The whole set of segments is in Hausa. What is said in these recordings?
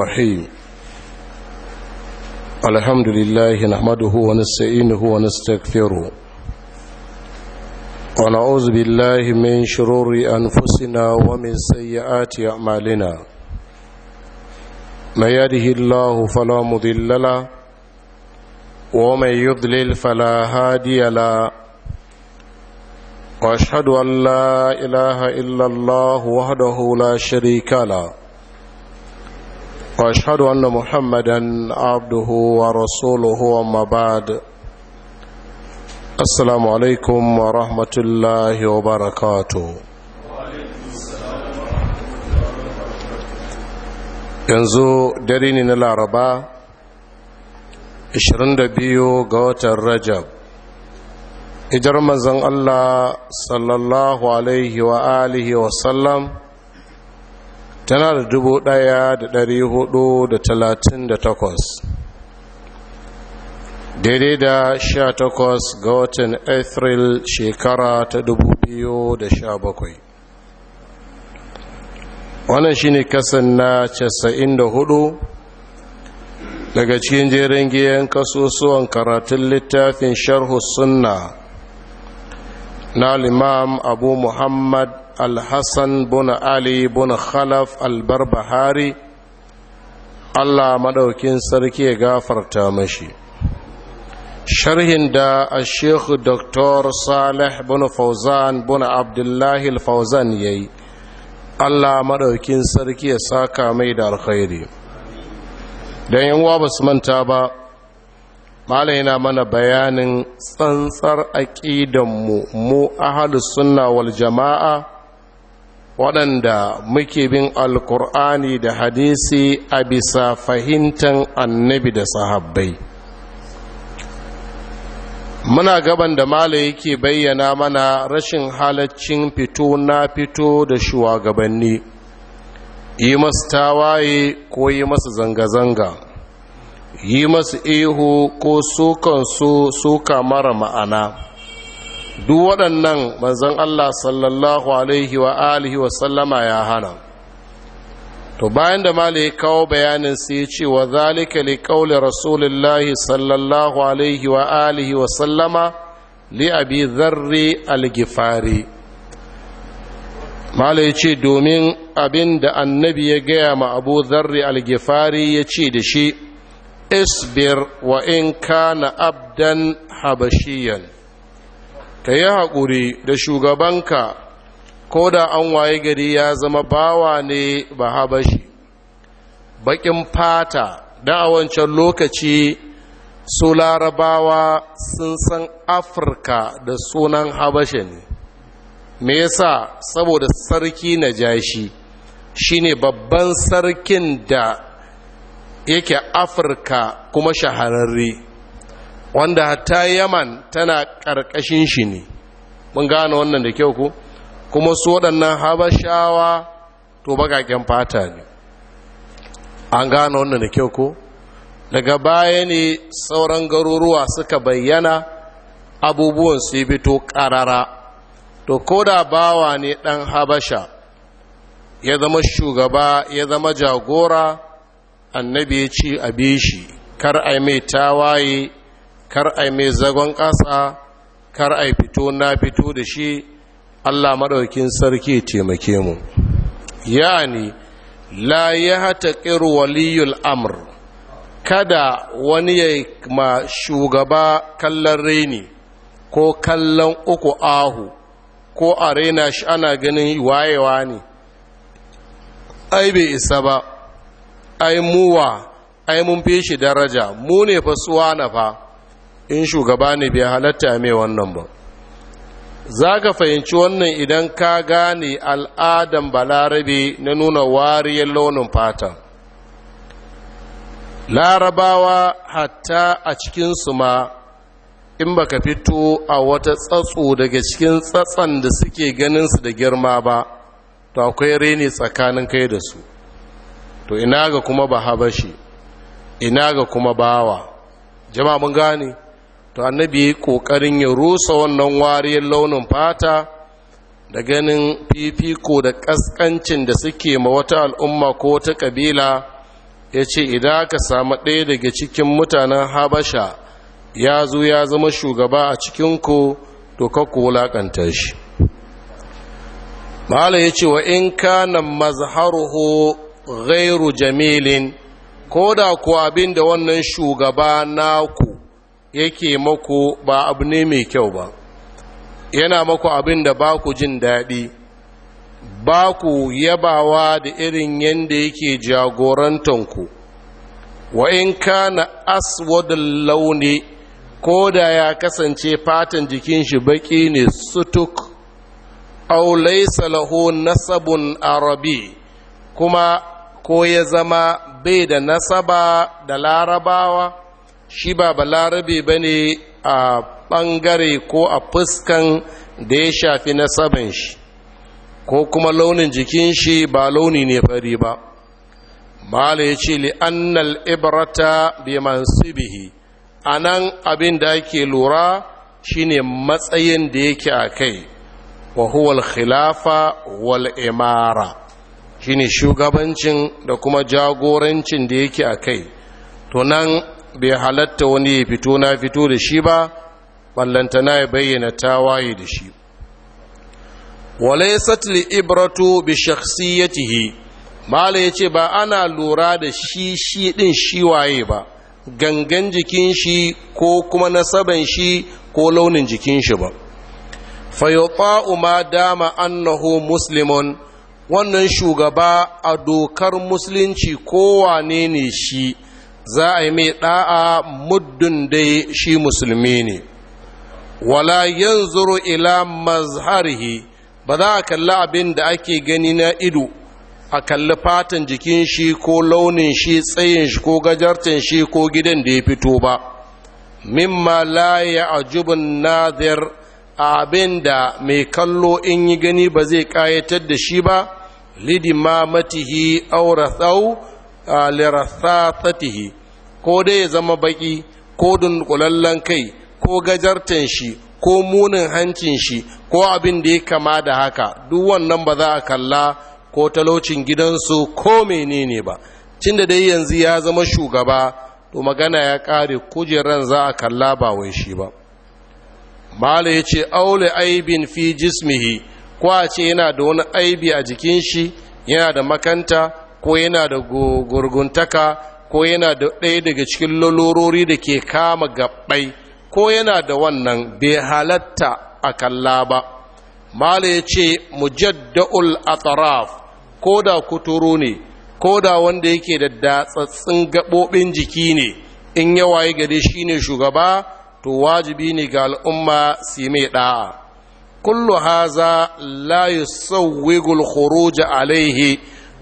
الرحيم الحمد لله نحمده ونستعينه ونستغفره ونعوذ بالله من شرور أنفسنا ومن سيئات أعمالنا ما يده الله فلا مضل له ومن يضلل فلا هادي له واشهد ان لا اله الا الله وحده لا شريك له واشهد ان محمدا عبده ورسوله وما بعد السلام عليكم ورحمه الله وبركاته yanzu dare ne na laraba 22 ga watan rajab ijar manzan allah sallallahu alaihi wa alihi wasallam tana da dubu ɗaya da dari hudu da talatin da takwas daidai da sha takwas ga watan april shekara ta dubu biyu da sha bakwai wannan ne kasan na casa'in da hudu daga cikin jerin giyan kasusuwan karatun littafin sharhu sunna na limam abu muhammad alhassan buna ali buna khalaf albarbahari allah maɗaukin sarki ya gafarta mashi sharhin da a shekhu doktor salih buna fauzan buna abdullahi fauzan ya yi allah maɗaukin sarki ya saka mai da alkhairi don yin wa basu manta ba mala yana mana bayanin tsantsar aƙidanmu mu ahalus sunna wal jama'a waɗanda muke bin alkur'ani da hadisi a bisa fahimtar annabi da sahabbai muna gaban da mala yake bayyana mana rashin halaccin fito na fito da shugabanni yi masu tawaye ko yi masu zanga-zanga yi masu ihu ko su suka mara ma'ana duk waɗannan manzon Allah sallallahu alaihi wa alihi wa sallama ya hana to bayan da malai ya kawo bayanin sai ya ce wa zalika li kaule rasulillahi sallallahu alaihi wa alihi wa sallama li abi zarri al-ghifari ya ce domin abin da annabi ya gaya ma abu zarri al ya ce da shi isbir wa in kana abdan habashiyan ka yi haƙuri da shugabanka ko da an waye gari ya zama bawa ne ba habashi baƙin fata da a wancan lokaci su larabawa sun san afirka da sunan habasha ne me yasa saboda sarki na jashi shine babban sarkin da yake afirka kuma shahararre wanda hatta yaman tana ƙarƙashin shi ne mun gane wannan da kyau ku kuma su waɗannan habashawa to baƙaƙen fata ne an gane wannan da kyau ku daga baya ne sauran garuruwa suka bayyana abubuwan su yi fito ƙarara to ko da bawa ne ɗan habasha ya zama shugaba ya zama jagora annabi ya ci abishi kar a mai tawaye kar yi mai zagon ƙasa kar a fito na fito da shi Allah maɗaukin sarki taimake mu yani la ya hataƙir waliyul amr kada wani ya ma shugaba kallon reni ko kallon uku ahu ko a rena shi ana ganin wayewa ne ai bai isa ba ai muwa ai mun fi shi daraja mu ne fa suwa na fa in shugaba ne bai halatta mai wannan ba za ka fahimci wannan idan ka gane al'adan balarabe na nuna wariyar launin fata larabawa hatta a cikinsu ma in baka fito a wata tsatso daga cikin tsatsan da suke ganinsu da girma ba to akwai reni tsakanin kai da su to ina ga kuma ba shi ina ga kuma bawa jama mun gane to annabi ya kokarin ya rusa wannan wariyar launin fata da ganin fifiko da ƙasƙancin da suke ma wata al'umma ko wata kabila ya ce idan ka samu ɗaya daga cikin mutanen habasha ya zo ya zama shugaba a cikinku to kakku wulaƙanta shi ma'ala ya ce wa in na mazharuhu Gairu jamilin ko da ku abin da wannan shugaba naku yake mako ba abu ne mai kyau ba yana mako abin da ba ku jin daɗi ba ku yabawa da irin yadda yake jagorantanku wa in ka na aswad launi ko da ya kasance fatan jikin shi baki ne sutuk Aulai salahu lahu nasabun arabi kuma ko ya zama bai da nasaba da larabawa shi ba balarabe ba ne a ɓangare ko a fuskan da ya shafi na nasaban shi ko kuma launin jikin shi ba launi ne fari ba mala ya ce li'annal ibrata bi mansibihi a nan abin da ake lura shine matsayin da yake a kai wa huwal khilafa wal imara shine shugabancin da kuma jagorancin da yake a kai to nan bai halatta wani ya fito na fito da shi ba na ya bayyana ta waye da shi walaisat li ibratu bi shakhsiyatihi mala yace ba ana lura da shi shi din shi waye ba gangan jikin shi ko kuma nasaban shi ko launin jikin shi ba yuqa'u ma dama annahu muslimun wannan shugaba a dokar musulunci kowane ne shi za a yi mai ɗa'a muddin da shi musulmi ne wala yanzu ila mazharihi ba za a kalli abin da ake gani na ido a kalli fatan jikin shi ko launin shi tsayin shi ko gajartan shi ko gidan da ya fito ba mimma la ya ajubin nadir abin da mai kallo in yi gani ba zai kayatar da shi ba Lidi lidimamatihi aurathau lirathatatihi ko dai ya zama baki ko dunkulallen kai ko gajartan shi ko munin hancin shi ko abin da ya kama da haka duk wannan ba za a kalla ko talaucin gidansu ko menene ba cin dai yanzu ya zama shugaba to magana ya kare kujeran za a kalla ba wai shi ba mala ya ce aule aibin fi jismihi ko a ce yana da wani aibi a jikin shi yana da makanta ko yana da gurguntaka ko yana da ɗaya daga cikin lalorori da ke kama gabbai ko yana da wannan bai halatta a kalla ba mala ya ce mujadda'ul ataraf ko da kuturu ne ko da wanda yake da datsatsin gaɓoɓin jiki ne in yawaye gade shi ne shugaba to wajibi ne ga al'umma su mai ɗa'a kullu haza la yusawwigul khuruj alaihi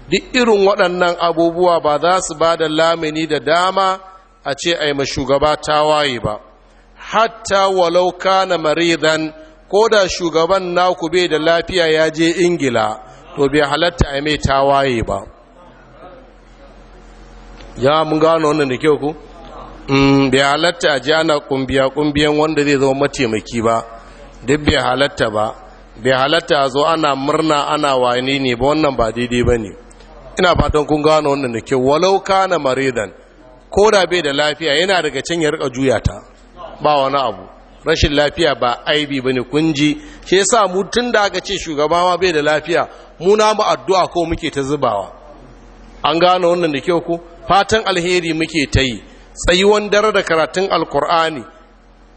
duk irin waɗannan abubuwa ba za su ba da lamini da dama a ce a yi shugaba waye ba hatta walau na maridan ko da shugaban naku bai da lafiya ya je ingila to bai halatta a mai ta waye ba ya mun gano wannan da kyau ku mm, bai halatta a ji ana kumbiya kumbiyan wanda zai zama mataimaki ba duk bai halatta ba bai halatta a zo ana murna ana wani ne ba wannan ba daidai ba ne ina fatan kun gano wannan da ke walau kana maridan ko da bai da lafiya yana daga can ya rika juya ta ba wani abu rashin lafiya ba aibi bane kunji Ke sa mu da aka ce shugaba ma bai da lafiya mu na mu addu'a ko muke ta zubawa an gano wannan da kyau ku, fatan alheri muke ta yi tsayuwan dare da karatun alkur'ani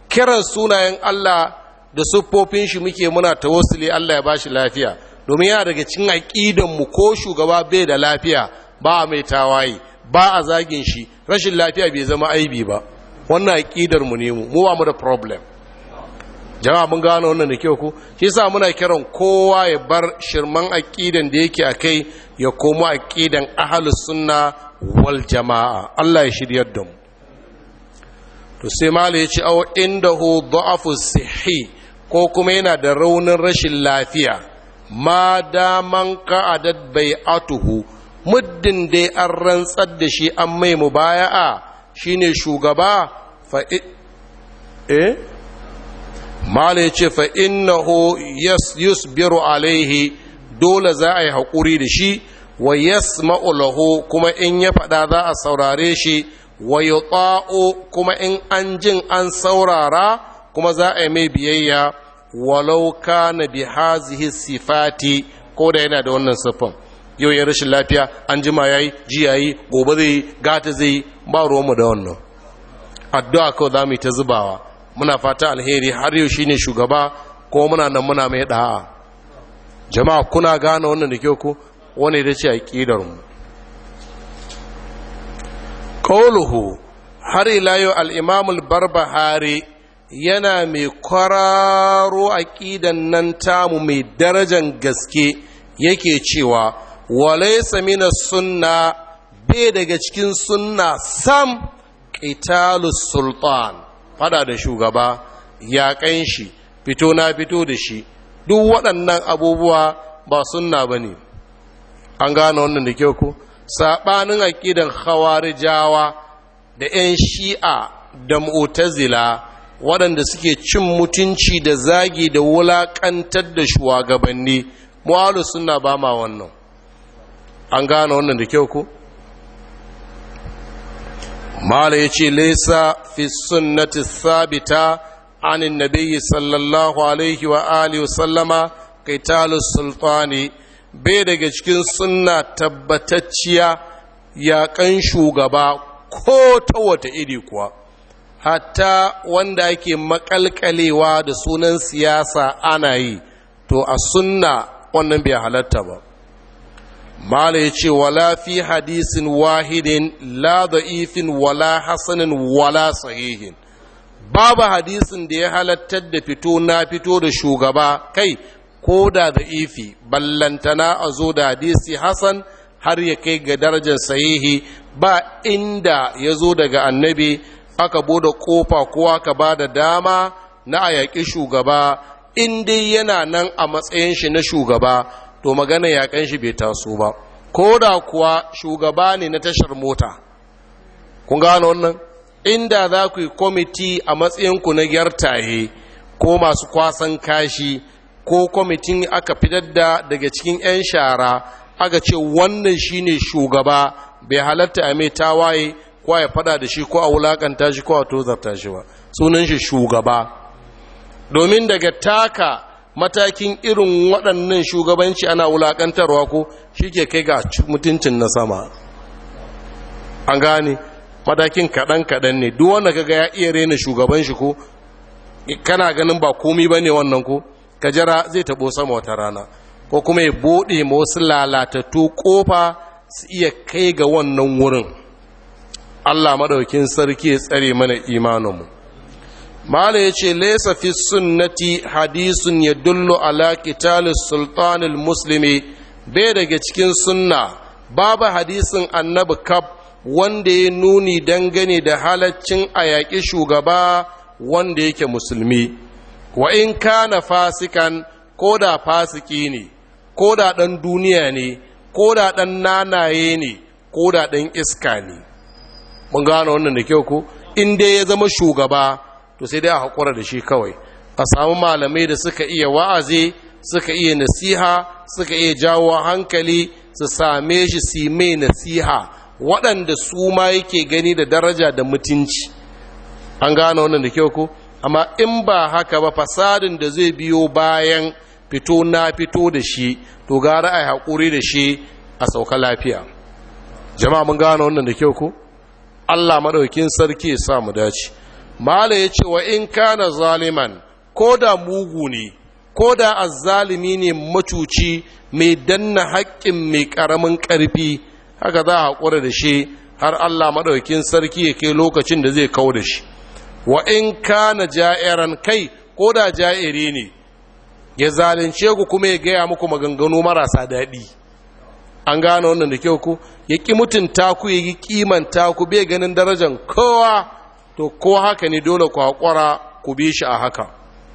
kiran sunayen Allah da siffofin shi muke muna tawassuli Allah ya bashi lafiya domin yana daga cikin aƙidanmu ko shugaba bai da lafiya ba a mai tawaye ba a zagin shi rashin lafiya bai zama aibi ba wannan aƙidar mu ne mu mu ba mu da problem jama'a mun gano wannan da kyau ku, shi yasa muna kiran kowa ya bar shirman aƙidan da yake akai ya koma aƙidan ahlus sunna wal jama'a Allah ya shiryar da mu to sai mala ya ce aw indahu dha'afu sihhi ko kuma yana da raunin rashin lafiya ma daman ka'adat tuhu, muddin dai an rantsar da shi an mai mubaya'a shine shugaba fa eh ce yace na ho yus, biro, alaihi dole za a yi haƙuri da shi wa yas, ma’ulaho kuma in ya faɗa za a saurare shi wa yuta'u kuma in an jin an saurara kuma za a yi mai biyayya walau kana bi hazihi sifati ko da yana da wannan siffan yau ya rashin lafiya an ji ya yayi ji yayi gobe zai gata zai ba mu da wannan addu'a kawai za mu yi ta zubawa muna fata alheri har yau shine shugaba ko muna nan muna mai da'a jama'a kuna gane wannan da kyau ko wani da ce aqidar mu qawluhu har ila yau al-imam al-barbahari yana mai kwararo aƙidan nan tamu mai darajan gaske yake cewa walaisa mina sunna bai daga cikin sunna sam ƙitalus sultan fada da shugaba ƙan shi fito na fito da shi duk waɗannan abubuwa ba sunna ba ne an gane wannan da kyau ku saɓanin aƙidan jawa da 'yan shi'a da mu'tazila waɗanda suke cin mutunci da zagi da wulaƙantar da shugabanni mu'alu suna ba ma wannan an gane wannan da kyau ku? mala ya ce laisa fi sunnati sabita anin nabiyyi sallallahu alaihi wa alihi sallama kai talus sultani bai daga cikin suna tabbatacciya yaƙan shugaba ko ta wata iri kuwa hatta wanda yake makalkalewa da sunan siyasa ana yi to a sunna wannan bai halatta ba mala ya ce wala fi hadisin wahidin la da'ifin wala hasanin wala sahihin babu hadisin da ya halattar da fito na fito da shugaba kai ko da da'ifi ballantana a zo da hadisi hasan har ya kai ga darajar sahihi ba inda ya zo daga annabi aka bude kofa kowa ka ba da dama na a yaƙi shugaba in dai yana nan a matsayin shi na shugaba to magana yaƙan shi bai taso ba ko da kuwa shugaba ne na tashar mota kun gano wannan inda za ku yi kwamiti a matsayinku na gyartaye ko masu kwasan kashi ko kwamitin aka fitar da daga cikin 'yan shara aka ce wannan shine shugaba bai halatta a mai tawaye ko ya fada da shi ko a wulakanta shi ko a tozarta shi ba sunan shi shugaba domin daga taka matakin irin waɗannan shugabanci ana wulakantarwa ko shi ke kai ga mutuncin na sama an gane matakin kaɗan-kaɗan ne duk wanda kaga ya iya rena shugaban shi ko kana ganin ba komi ba ne wannan ko kajara zai taɓo sama wata rana ko kuma ya buɗe ma wasu lalatattu ƙofa su iya kai ga wannan wurin Allah maɗaukin sarki ya tsare mana imaninmu mala ya ce laisa fi sunnati hadisun ya dullo ala kitalis sultanil muslimi bai daga cikin sunna babu hadisin annabi kab wanda ya nuni dangane da halaccin a shugaba wanda yake musulmi wa in kana fasikan ko da fasiki ne ko da ɗan duniya ne ko da ɗan nanaye ne ko da ɗan iska ne mun gano wannan da kyau ko in dai ya zama shugaba to sai dai a haƙura da shi kawai a samu malamai da suka iya wa'azi suka iya nasiha suka iya jawo hankali su same shi su mai nasiha waɗanda su ma yake gani da daraja da mutunci an gano wannan da kyau ko amma in ba haka ba fasadin da zai biyo bayan fito na fito da shi to gara a haƙuri da shi a sauka lafiya jama'a mun gano wannan da kyau ko Allah maɗaukin sarki ya sa mu dace mala ya ce wa in kana zaliman ko da mugu ne ko da azzalimi ne macuci mai danna haƙƙin mai ƙaramin ƙarfi haka za a haƙura da shi har Allah maɗaukin sarki ya kai lokacin da zai kau da shi wa in kana ja'iran kai ko da ja'iri ne ya zalunce ku kuma ya gaya muku maganganu marasa daɗi an gano wannan da kyau ku, ya ƙi mutunta ku ya ƙi kimanta ku bai ganin darajan kowa to ko haka ne dole ku haƙura ku bi shi a haka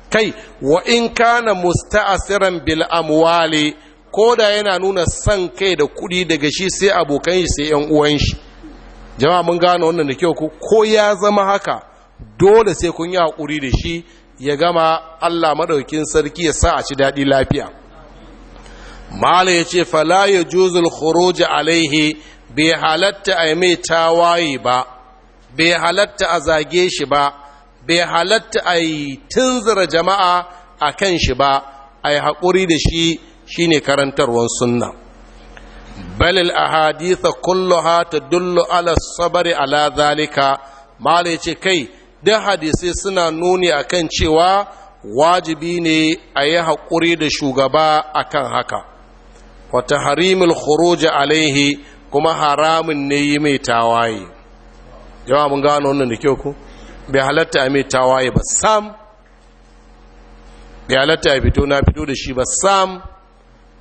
kai wa in kana musta'asiran bil amwali ko da yana nuna san kai da kuɗi daga shi sai abokan shi sai yan uwan shi jama'a mun gano wannan da kyau ku, ko ya zama haka dole sai kun yi haƙuri da shi ya gama Allah madaukin sarki ya sa a ci daɗi lafiya mala ya ce fala ya juzul khuruj alaihi bai halatta a mai tawaye ba bai halatta a zage shi ba bai halatta a yi tunzura jama'a a kan shi ba a yi haƙuri da shi shine karantarwar sunna balil ha ta tadullu ala sabari ala zalika mala ya ce kai don hadisai suna nuni akan cewa wajibi ne a yi haƙuri da shugaba akan haka wa tahrimul khuruj alaihi kuma haramun ne yi mai tawaye Yawa mun gano wannan da kyau ku bai halatta a mai tawaye ba sam bai halatta a fito na fito da shi ba sam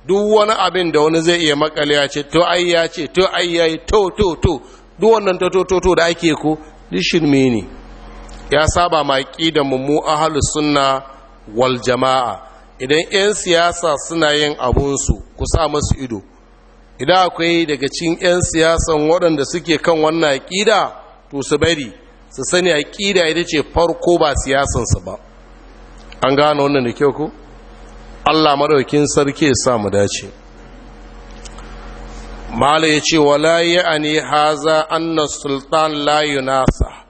duk wani abin da wani zai iya makale ya ce to ai ya ce to ai ya to to to duk wannan to to to to da ake ku duk shirme ne ya saba maki da mummu mu ahlus sunna wal jama'a idan 'yan siyasa suna yin abunsu ku sa masu ido idan akwai daga cin 'yan siyasan waɗanda suke kan wannan aƙida to su bari su sani aƙida ita ce farko ba siyasansu ba an gano wannan da kyau ku allah maɗaukin sarki ya sa mu dace mala ya ce wala ne haza anna sultan layunasa, nasa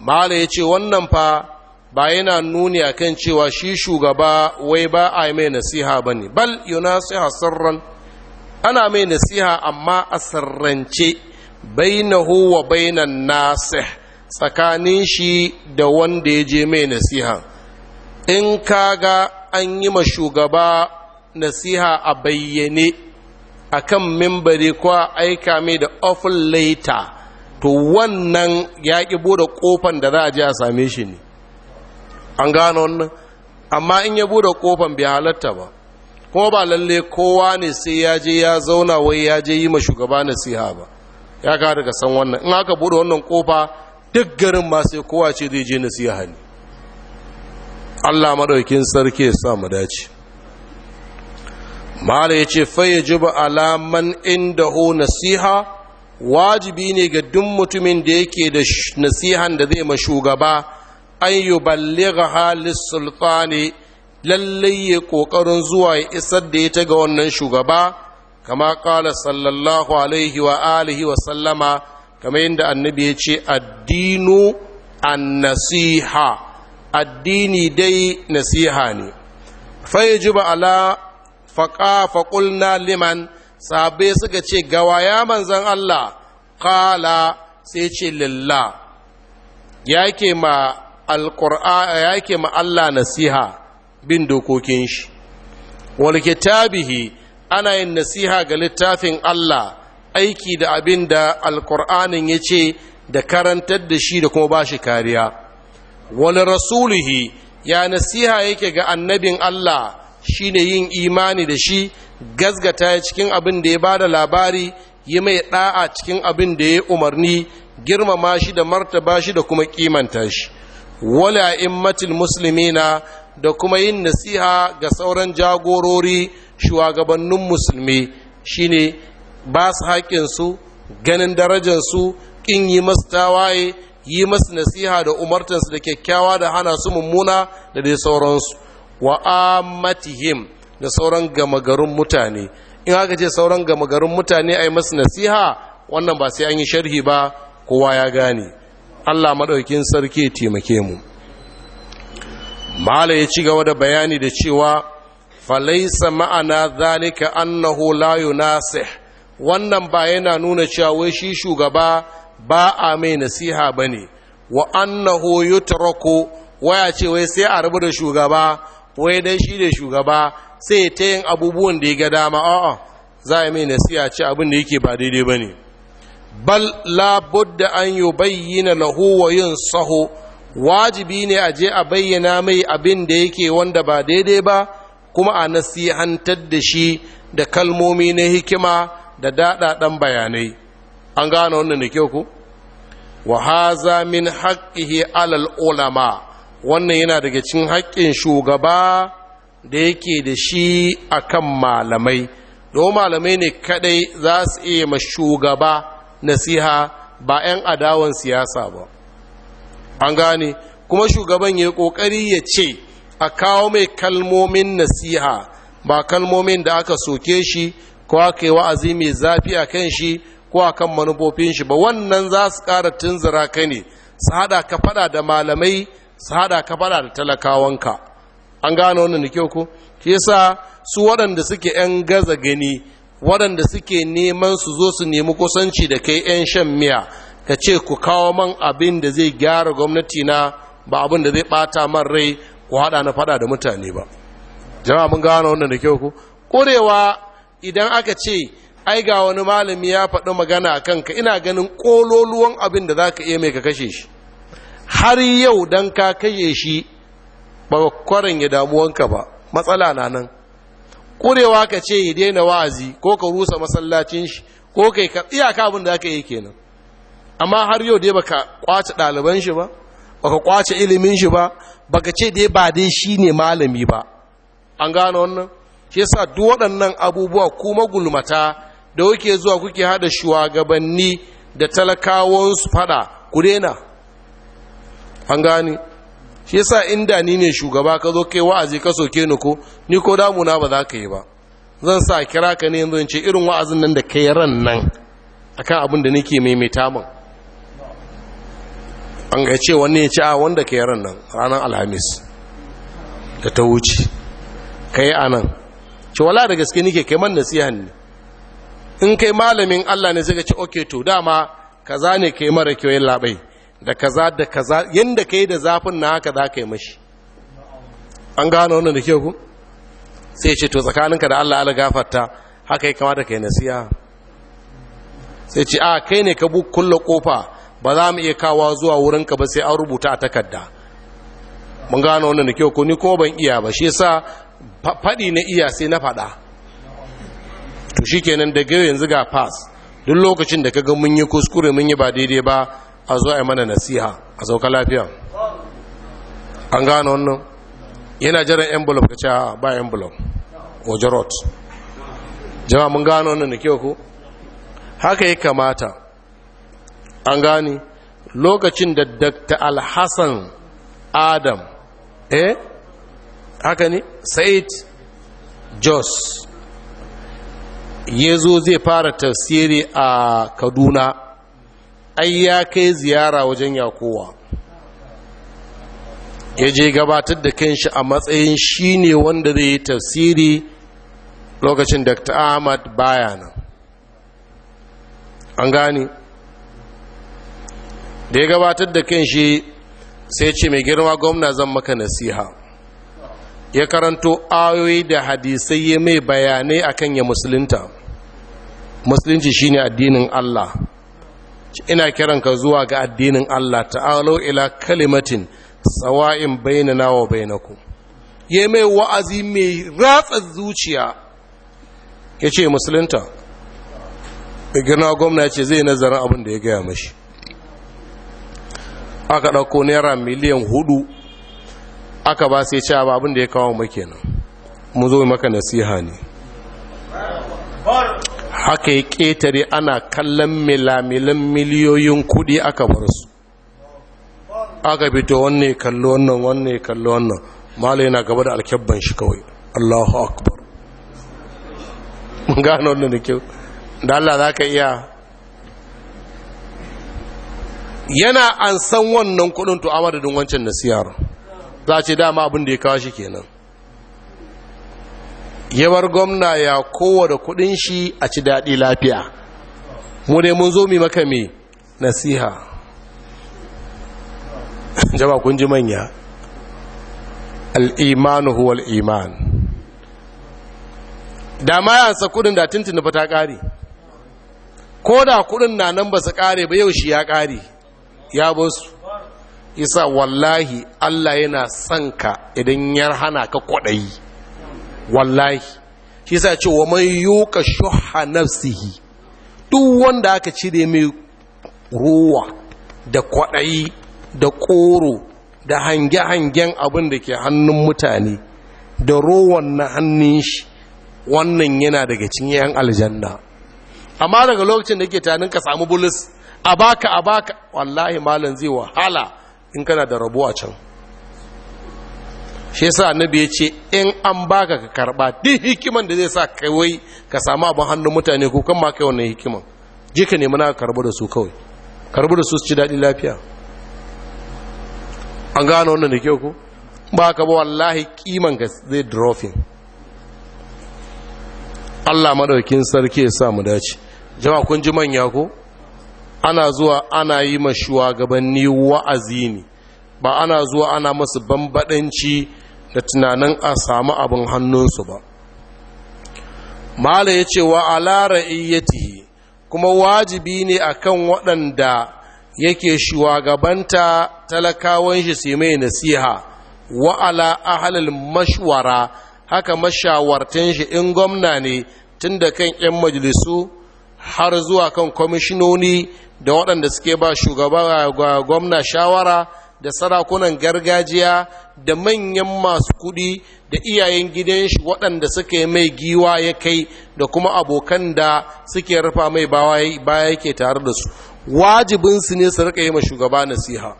mala ya ce wannan fa ba yana nuni a kan cewa shi shugaba wai ba a yi mai nasiha ba ne bal nasiha sirran ana mai nasiha amma a sirrance huwa wa na nasi tsakanin shi da wanda ya je mai nasiha in kaga an yi ma shugaba nasiha a bayyane a kan mimbari ko aika mai da awful later to wannan ya ƙi bude ƙofan da za a je a same shi ne an gano wannan amma in ya bude kofan bai halatta ba kuma ba lalle kowa ne sai ya je ya zauna wai ya je yi ma shugaba nasiha ba ya ga daga san wannan in aka bude wannan kofa duk garin ma sai kowa ce zai je nasiha ne Allah madaukin sarki ya sa mu dace mala yace fa yajibu ala man indahu nasiha wajibi ne ga duk mutumin da yake da nasihan da zai ma shugaba an yi ga Halis sultani lallai ya ƙoƙarin zuwa ya isar da ita ga wannan shugaba kama kala sallallahu alaihi wa alihi wa sallama kamar yadda annabi ya ce addinu an-nasiha addini dai nasiha ne fa yajibu ala faƙa faƙul na liman sabai suka ce gawaya manzan Allah kala sai ce Ya ke ma alƙur'a ya yake ma Allah nasiha bin dokokin shi wal kitabihi ana yin nasiha ga littafin Allah aiki da abin da alƙur'anin ya ce da karantar da shi da kuma ba shi kariya wal rasulihi ya nasiha yake ga annabin Allah shine yin imani da shi gazgata cikin abin da ya da labari yi mai da'a cikin abin da ya umarni girmama shi da martaba shi da kuma kimanta shi wala immatil muslimina da kuma yin nasiha ga sauran jagorori shugabannin musulmi shine ba su haƙƙinsu ganin darajarsu ƙin yi masu tawaye yi masu nasiha da umartansu da kyakkyawa da hana su mummuna da dai sauransu wa amatihim da sauran gama garin mutane in aka ce sauran gama garin mutane a yi masu nasiha wannan ba sai an yi sharhi ba kowa ya gane Allah maɗaukin sarki ya taimake mu mala ya ci gaba da bayani da cewa falaisa ma'ana zalika annahu la yunasih wannan ba yana nuna cewa wai shi shugaba ba a mai nasiha bane wa annahu yutraku waya ce wai sai a rabu da shugaba wai dai shi da shugaba sai ta yin abubuwan da ya ga dama a'a za a mai nasiha ce abin da yake ba daidai bane bal labudda an yi bayyana lahu wa yin saho wajibi ne a je a bayyana mai abin da yake wanda ba daidai ba kuma a nasihantar da shi da kalmomi na hikima da daɗaɗan bayanai an gane wannan da kyau ku wa min alal ulama wannan yana daga cin haƙƙin shugaba da yake da shi akan malamai don malamai ne kaɗai za su iya ma shugaba nasiha ba 'yan adawan siyasa ba an gane kuma shugaban ya ƙoƙari ya ce a kawo mai kalmomin nasiha ba kalmomin da aka soke shi ko aka yi wa'azi mai zafi a kan shi ko a kan manufofin shi ba wannan za su ƙara tunzura ka ne su haɗa ka faɗa da malamai su haɗa ka faɗa da talakawanka an gane wannan da kyau ko shi yasa su waɗanda suke 'yan gaza gani waɗanda suke neman su zo su nemi kusanci da kai 'yan shan miya ka ce ku kawo man abin da zai gyara gwamnati na ba abin da zai ɓata man rai ku haɗa na faɗa da mutane ba jama'a mun gano wannan da kyau ku ƙorewa idan aka ce ai ga wani malami ya faɗi magana a kanka ina ganin ƙololuwan abin da za ka iya mai ka kashe shi har yau dan ka kashe shi ba kwarin ya damuwanka ba matsala na nan Kurewa ka ce ya daina wa'azi ko ka rusa masallacin shi ko kai ka iyaka abin da aka yi kenan amma har yau dai baka kwace ɗaliban shi ba baka kwace ilimin shi ba baka ce dai ba dai shi ne malami ba an gane wannan shi yasa duk waɗannan abubuwa kuma gulmata da kuke zuwa kuke hada shugabanni da talakawansu fada ku daina an gane shi yasa inda ni ne shugaba ka zo kai wa'azi ka soke ni ko ni ko damuna ba za ka yi ba zan sa kira ka ne yanzu in ce irin wa'azin nan da kai ran nan akan abin da nake maimaita min an ga ce wani ya ci a wanda kai ran nan ranar alhamis da ta wuce kai nan. ce wala da gaske nike kai man nasiha ne in kai malamin Allah ne sai ka ce okay to dama kaza ne kai mara kyau yin labai da kaza da kaza yadda ka yi da zafin na haka za ka yi mashi an gano wannan da kyau ku sai ce to tsakaninka da allah ala gafarta haka yi kama da kai nasiya sai ce a kai ne ka kulla kofa ba za mu iya kawo zuwa wurinka ba sai an rubuta a takarda mun gano wannan da kyau ku ni ko ban iya ba shi yasa faɗi na iya sai na faɗa to shikenan da gayo yanzu ga pass duk lokacin da kaga mun yi kuskure mun yi ba daidai ba a zo a mana nasiha a sauka lafiya an gano wannan yana jiran envelope ka ce ba envelope o jarot jama mun gano wannan da kyau ko haka ya kamata an gani lokacin da dr alhassan adam eh haka ne said jos ya zai fara tafsiri a kaduna ai ya kai ziyara wajen yakowa ya je gabatar da kanshi a matsayin shi ne wanda zai yi tafsiri lokacin dr ahmad bayanan an gani da ya gabatar da kanshi sai ce mai girma gwamna zan maka nasiha ya karanto ayoyi da hadisai ya mai bayanai akan ya musulunta musulunci shine addinin allah ina kiranka zuwa ga addinin Allah ta'alo ila kalimatin sawa'in bainana wa bainakum ya mai wa'azi mai ratsa zuciya yace ce musulunta girna gwamna ce zai nazarin abin da ya gaya mashi aka ɗauko naira miliyan hudu aka ba sai cewa abin da ya kawo makenan mu zo maka nasiha ne haka ya ƙetare ana kallon milamilan miliyoyin kuɗi aka barsu aka fito wanne kallo wannan wanne kallo wannan mala yana gaba da alkyabban shi kawai allahu akbar gano wannan da kyau da allah za ka iya yana an san wannan kuɗin to amma da wancan nasiyar za ce dama abin da ya kawo shi kenan yawar gwamna ya kowa da kudin shi a ci daɗi lafiya mu ne mun zo mi maka mai nasiha jama kun ji manya al'imanu huwal iman da ma sa kudin da tuntun ta ƙari ko da kudin na nan ba su ƙare ba yau shi ya ƙari ya basu isa wallahi allah yana son ka idan yar hana ka kwaɗayi wallahi shi sa ce wa man yuka shuha nafsihi duk wanda aka cire mai ruwa da kwaɗayi da ƙoro da hange-hangen abin da ke hannun mutane da rowan na hannun shi wannan yana daga cinyayen aljanna amma daga lokacin da ke tanin ka samu bulus a baka a baka wallahi malam zai wahala in kana da rabuwa can shi sa annabi ya ce in an baka ka karba duk hikiman da zai sa kai wai ka samu abin hannun mutane ko kan ma kai wannan hikiman je ka nemi na karbu da su kawai karbu da su su ci daɗi lafiya an gano wannan da kyau ko ba ka ba wallahi kiman ka zai drofin Allah madaukin sarki ya sa mu dace jama'a kun ji manya ko ana zuwa ana yi ma shugabanni wa'azi ne ba ana zuwa ana masu bambadanci da tunanin a samu abin hannunsu ba mala ya ce wa alara iyatihi kuma wajibi ne akan waɗanda yake shugabanta talakawan shi su mai nasiha wa ala ahalil mashwara haka mashawartan shi in gwamna ne tun da kan 'yan majalisu har zuwa kan kwamishinoni da waɗanda suke ba shugaba ga gwamna shawara da sarakunan gargajiya da manyan masu kuɗi da iyayen gidan shi waɗanda suka yi mai giwa ya kai da kuma abokan da suke rufa mai baya yake tare da su wajibinsu ne su rika yi ma shugaba nasiha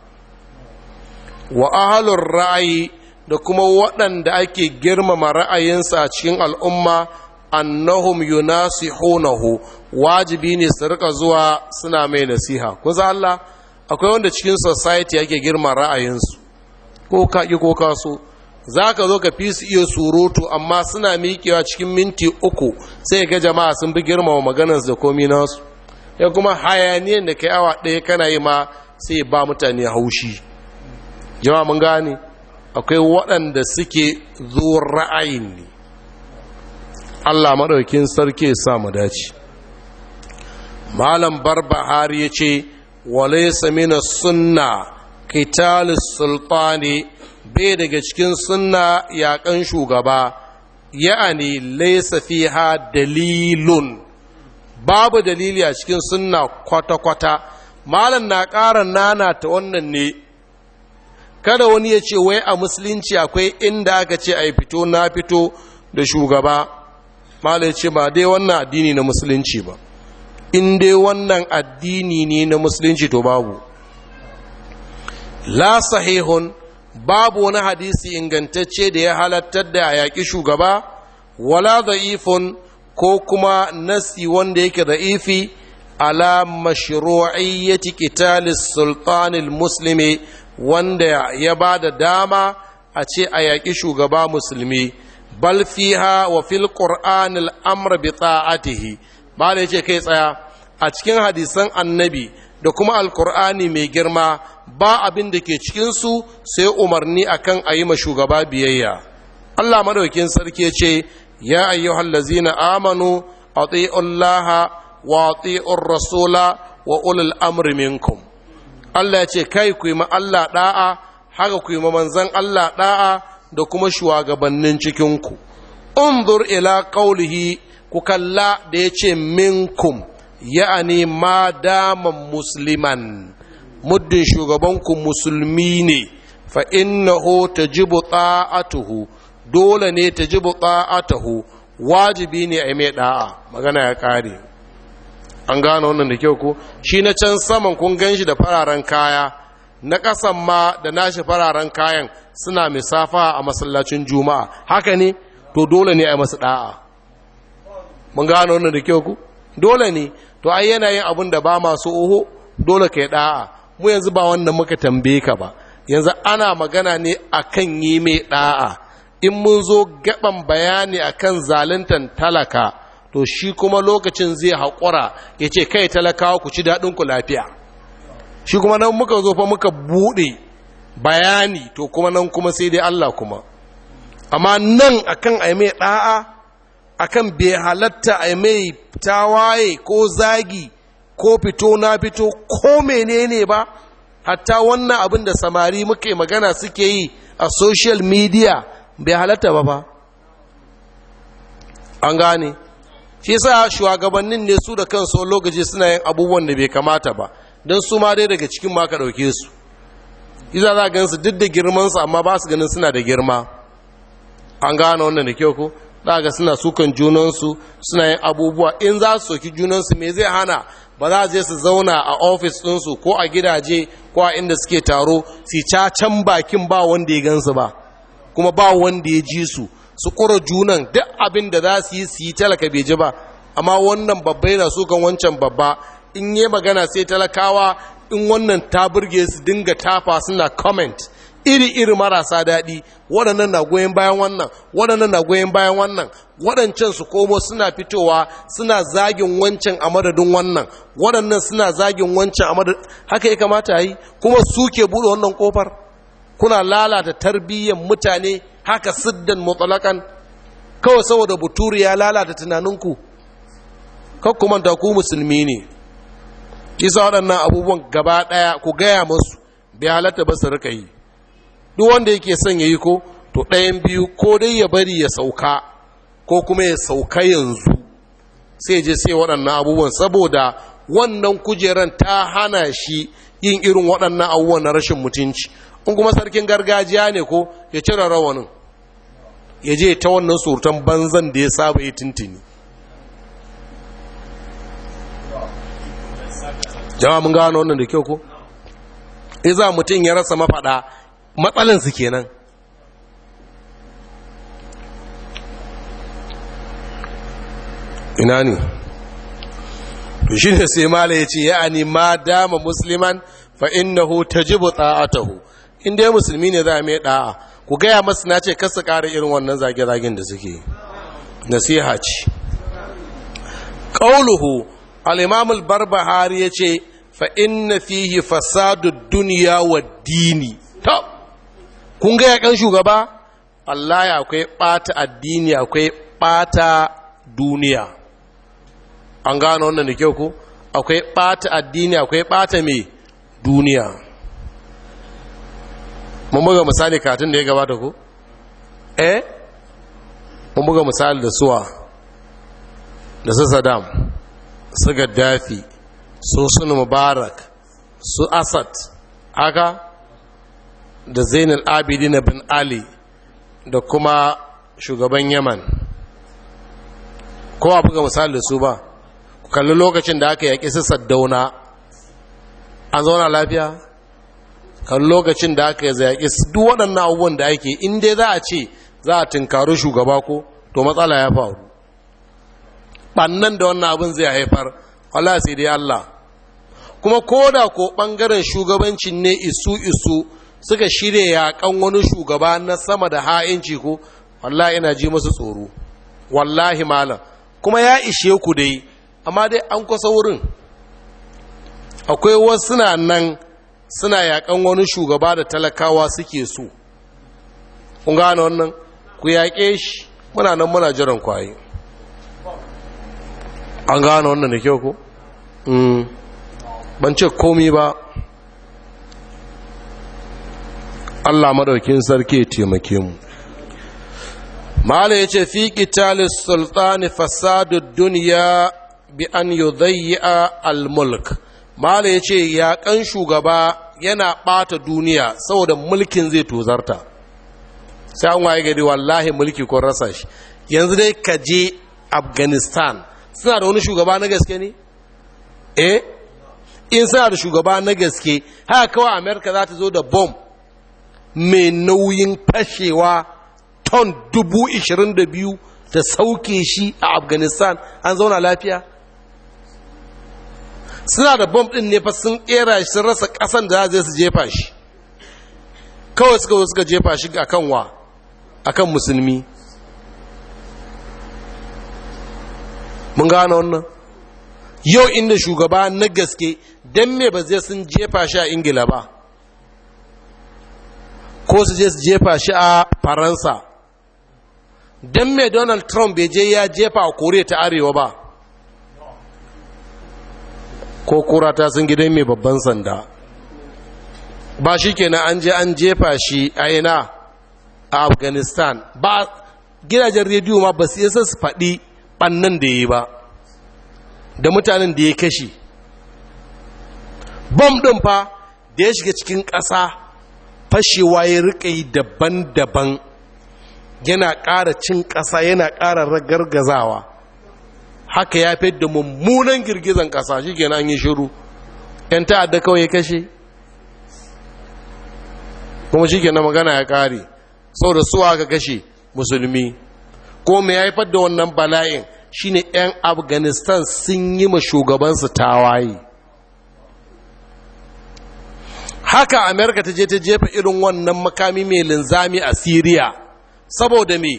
wa ra'ayi da kuma waɗanda ake girmama ra'ayinsa a cikin al'umma annahum yunasihunahu wajibi ne su rika zuwa suna mai nasiha za Allah akwai wanda cikin society yake girma ra'ayinsu ko kaƙi ko kaso za ka zo ka fi su iya surutu amma suna miƙewa cikin minti uku sai ga jama'a sun bi girmama maganarsu da komi nasu ya kuma hayaniyar da kai awa ɗaya kana yi ma sai ba mutane haushi jama'a mun gane akwai waɗanda suke zo ra'ayin ne allah maɗaukin sarki ya sa mu dace malam barbahari ya ce walaysa min sunna qitalus sultani bai daga cikin sunna yaƙan shugaba ya'ani laysa fiha dalilun babu dalili a cikin sunna kwata-kwata malam na ƙara nana ta wannan ne kada wani ya ce wai a musulunci akwai inda aka ce a fito na fito da shugaba malam ya ce ba dai wannan addini na musulunci ba in dai wannan addini ne na musulunci to babu la sahihun babu wani hadisi ingantacce da ya halattar da a yaƙi shugaba wala da'ifun ko kuma nasi wanda yake da'ifi ala mashru'iyyati qitalis sultanil muslimi wanda ya ba da dama a ce a yaƙi shugaba musulmi bal fiha wa fil qur'anil amr bi ta'atihi ba da yace kai tsaya a cikin hadisan annabi da kuma alkur'ani mai girma ba abin da ke cikinsu sai umarni akan a yi ma shugaba biyayya allah madaukin sarki ce ya ayyuhal na amanu Laha wa ati'ur rasula wa ulul amri minkum allah ya ce kai ku yi ma allah da'a haka ku yi ma manzan allah ɗa'a, da kuma shugabannin cikinku unzur ila qawlihi ku kalla da ya ce minkum ya'ani ma daman musliman muddin shugabanku musulmi ne fa innahu tajibu ta'atuhu dole ne tajibu ta'atuhu wajibi ne a mai da'a magana ya kare an gano wannan da kyau ko shi na can saman kun gan shi da fararen kaya na ƙasan ma da nashi fararen kayan suna misafa a masallacin juma'a haka ne to dole ne a yi masu da'a mun gano wannan da kyau ku dole ne to ai yana yin abin da ba masu oho dole kai da'a mu yanzu ba wannan muka tambaye ka ba yanzu ana magana ne akan yi mai da'a in mun zo gaban bayani akan zaluntan talaka to shi kuma lokacin zai haƙura ya ce kai talakawa ku ci daɗin ku lafiya shi kuma nan muka zo fa muka buɗe bayani to kuma nan kuma sai dai Allah kuma amma nan akan ai mai da'a akan bai halatta a mai tawaye ko zagi ko fito na fito ko menene ba hatta wannan abin da samari muke magana suke yi a social media bai halatta ba ba an gane shi sa shugabannin ne su da kansu lokaci suna yin abubuwan da bai kamata ba don su ma dai daga cikin maka ɗauke su iza za a gansu duk da girmansu amma ba su ganin suna da girma an gane wannan da kyau ko za ga suna sukan junansu suna yin abubuwa in za su soki junansu me zai hana ba za je su zauna a ofis ɗinsu ko a gidaje ko a inda suke taro su cacan bakin ba wanda ya gansu ba kuma ba wanda ya ji su su kura junan duk abin da za su yi su yi talaka bai ba amma wannan babba yana sukan wancan babba in yi magana sai talakawa in wannan ta burge su dinga tafa suna comment iri-iri marasa daɗi waɗannan na goyon bayan wannan waɗannan na goyon bayan wannan waɗancan su komo suna fitowa suna zagin wancan a madadin wannan waɗannan suna zagin wancan a madadin haka ya kamata yi kuma suke buɗe wannan ƙofar kuna lalata tarbiyyar mutane haka siddan mutsalakan kawai saboda buturi ya lalata tunaninku kakkumanta ku musulmi ne kisa waɗannan abubuwan gaba ɗaya ku gaya masu bai halatta ba su rika yi duk wanda yake son yayi yi ko to ɗayan biyu ko dai ya bari ya sauka ko kuma ya sauka yanzu sai je sai waɗannan abubuwan saboda wannan kujeran ta hana shi yin irin waɗannan abubuwan na rashin mutunci in kuma sarkin gargajiya ne ko ya cire rawanin ya je ta wannan surutan banzan da ya saba yi tintini jama'a mun gano wannan da kyau ko iza mutum ya rasa mafaɗa su kenan ina ne shi ne sai mala ya ce ya'ani ma dama musliman fa innahu tajibu ta'atahu in dai musulmi ne za a mai da'a ku gaya masu na ce kasa kara irin wannan zage-zagen da suke nasiha ce ƙauluhu al'imamul barbahari ya ce fa inna fihi fasadu duniya wa dini top kun ga yakan shugaba ya akwai bata addini akwai bata duniya an gano wannan da kyau ko akwai bata addini akwai bata mai duniya mun buga misali katin da ya gabata ko eh mun buga misali da suwa da su saddam su gaddafi su sunu mubarak su asad haka da zainal abidin bin ali da kuma shugaban yaman kowa buga misali da su ba ku kalli lokacin da aka yaƙi su saddauna an zauna lafiya kalli lokacin da aka yaƙi duk waɗannan abubuwan da ake inda za a ce za a tunkaru shugaba ko to matsala ya faru ɓannan da wannan abin zai haifar wala sai dai Allah kuma ko da ko ɓangaren shugabancin ne isu isu suka shirya yaƙan wani shugaba na sama da ha'inci ko wallahi ina ji musu tsoro wallahi malam kuma ya ishe ku dai amma dai an kusa wurin akwai wasu suna nan suna yaƙan wani shugaba da talakawa suke so kun gane wannan ku yaƙe shi muna nan muna jiran kwaye an gane wannan da kyau ko? Hmm. ban ce komi ba Allah madaukin sarki taimake mu mala ce, fi qitalis sultani fasadud dunya bi an yudayya al mulk mala yace yaƙan shugaba yana ɓata duniya saboda mulkin zai tozarta sai an waye gari wallahi mulki kun rasa shi yanzu dai ka je afghanistan suna da wani shugaba na gaske ne eh in suna da shugaba na gaske haka kawai amerika za ta zo da bomb mai nauyin fashewa ton dubu ishirin da biyu ta sauke shi a afghanistan an zauna lafiya suna da bom ɗin ne fa sun ƙera shi sun rasa ƙasan da zai su jefa shi kawai suka suka jefa shi a kan wa a kan musulmi mun gane wannan yau inda shugaba na gaske don me ba zai sun jefa shi a ingila ba ko su je su jefa shi a faransa don mai donald trump bai je ya jefa a koriya ta arewa ba ko kura ta sun gidan mai babban sanda ba shi kenan an je an jefa shi a yana a afghanistan ba gidajen rediyo ma ba su yi su faɗi ɓannan da ya yi ba da mutanen da ya kashe bom ɗin fa da ya shiga cikin ƙasa fashewa ya rika yi daban-daban yana ƙara cin ƙasa yana ƙara ragargazawa haka ya fi da mummunan girgizan ƙasa shi ke an yi shiru 'yan ta'adda kawai ya kashe kuma shi ke nan magana ya ƙare sau da suwa aka kashe musulmi ko mai haifar da wannan bala'in shine 'yan afghanistan sun yi ma shugabansu tawaye haka amerika ta je ta jefa irin wannan makami mai linzami a siriya saboda me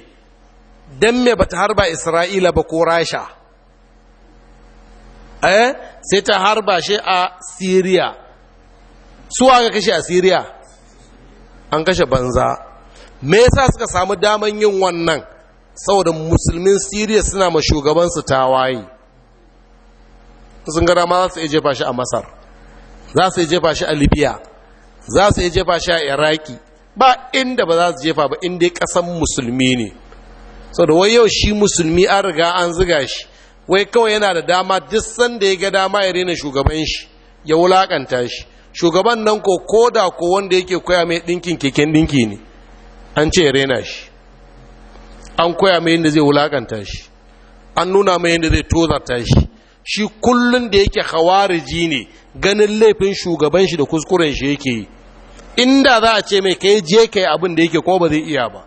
don me bata harba isra'ila ba ko rasha eh sai ta harba shi a siriya su aka kashe a siriya an kashe banza me yasa suka samu daman yin wannan saboda musulmin siriya suna ma shugabansu tawaye sun gara ma za su iya jefa shi a masar za su iya jefa shi a libya za su yi jefa shi a iraki ba inda ba za su jefa ba inda kasan musulmi ne so da wai yau shi musulmi an riga an ziga shi wai kawai yana da dama duk sanda ya ga dama ya rena shugaban shi ya wulakanta shi shugaban nan ko koda ko wanda yake koya mai dinkin keken dinki ne an ce ya rena shi an koya mai yadda zai wulakanta shi an nuna mai yadda zai tozarta shi shi kullun da yake hawariji ne ganin laifin shugaban shi da kuskuren shi yake yi inda za a ce mai yi je yi abin da yake kuma ba zai iya ba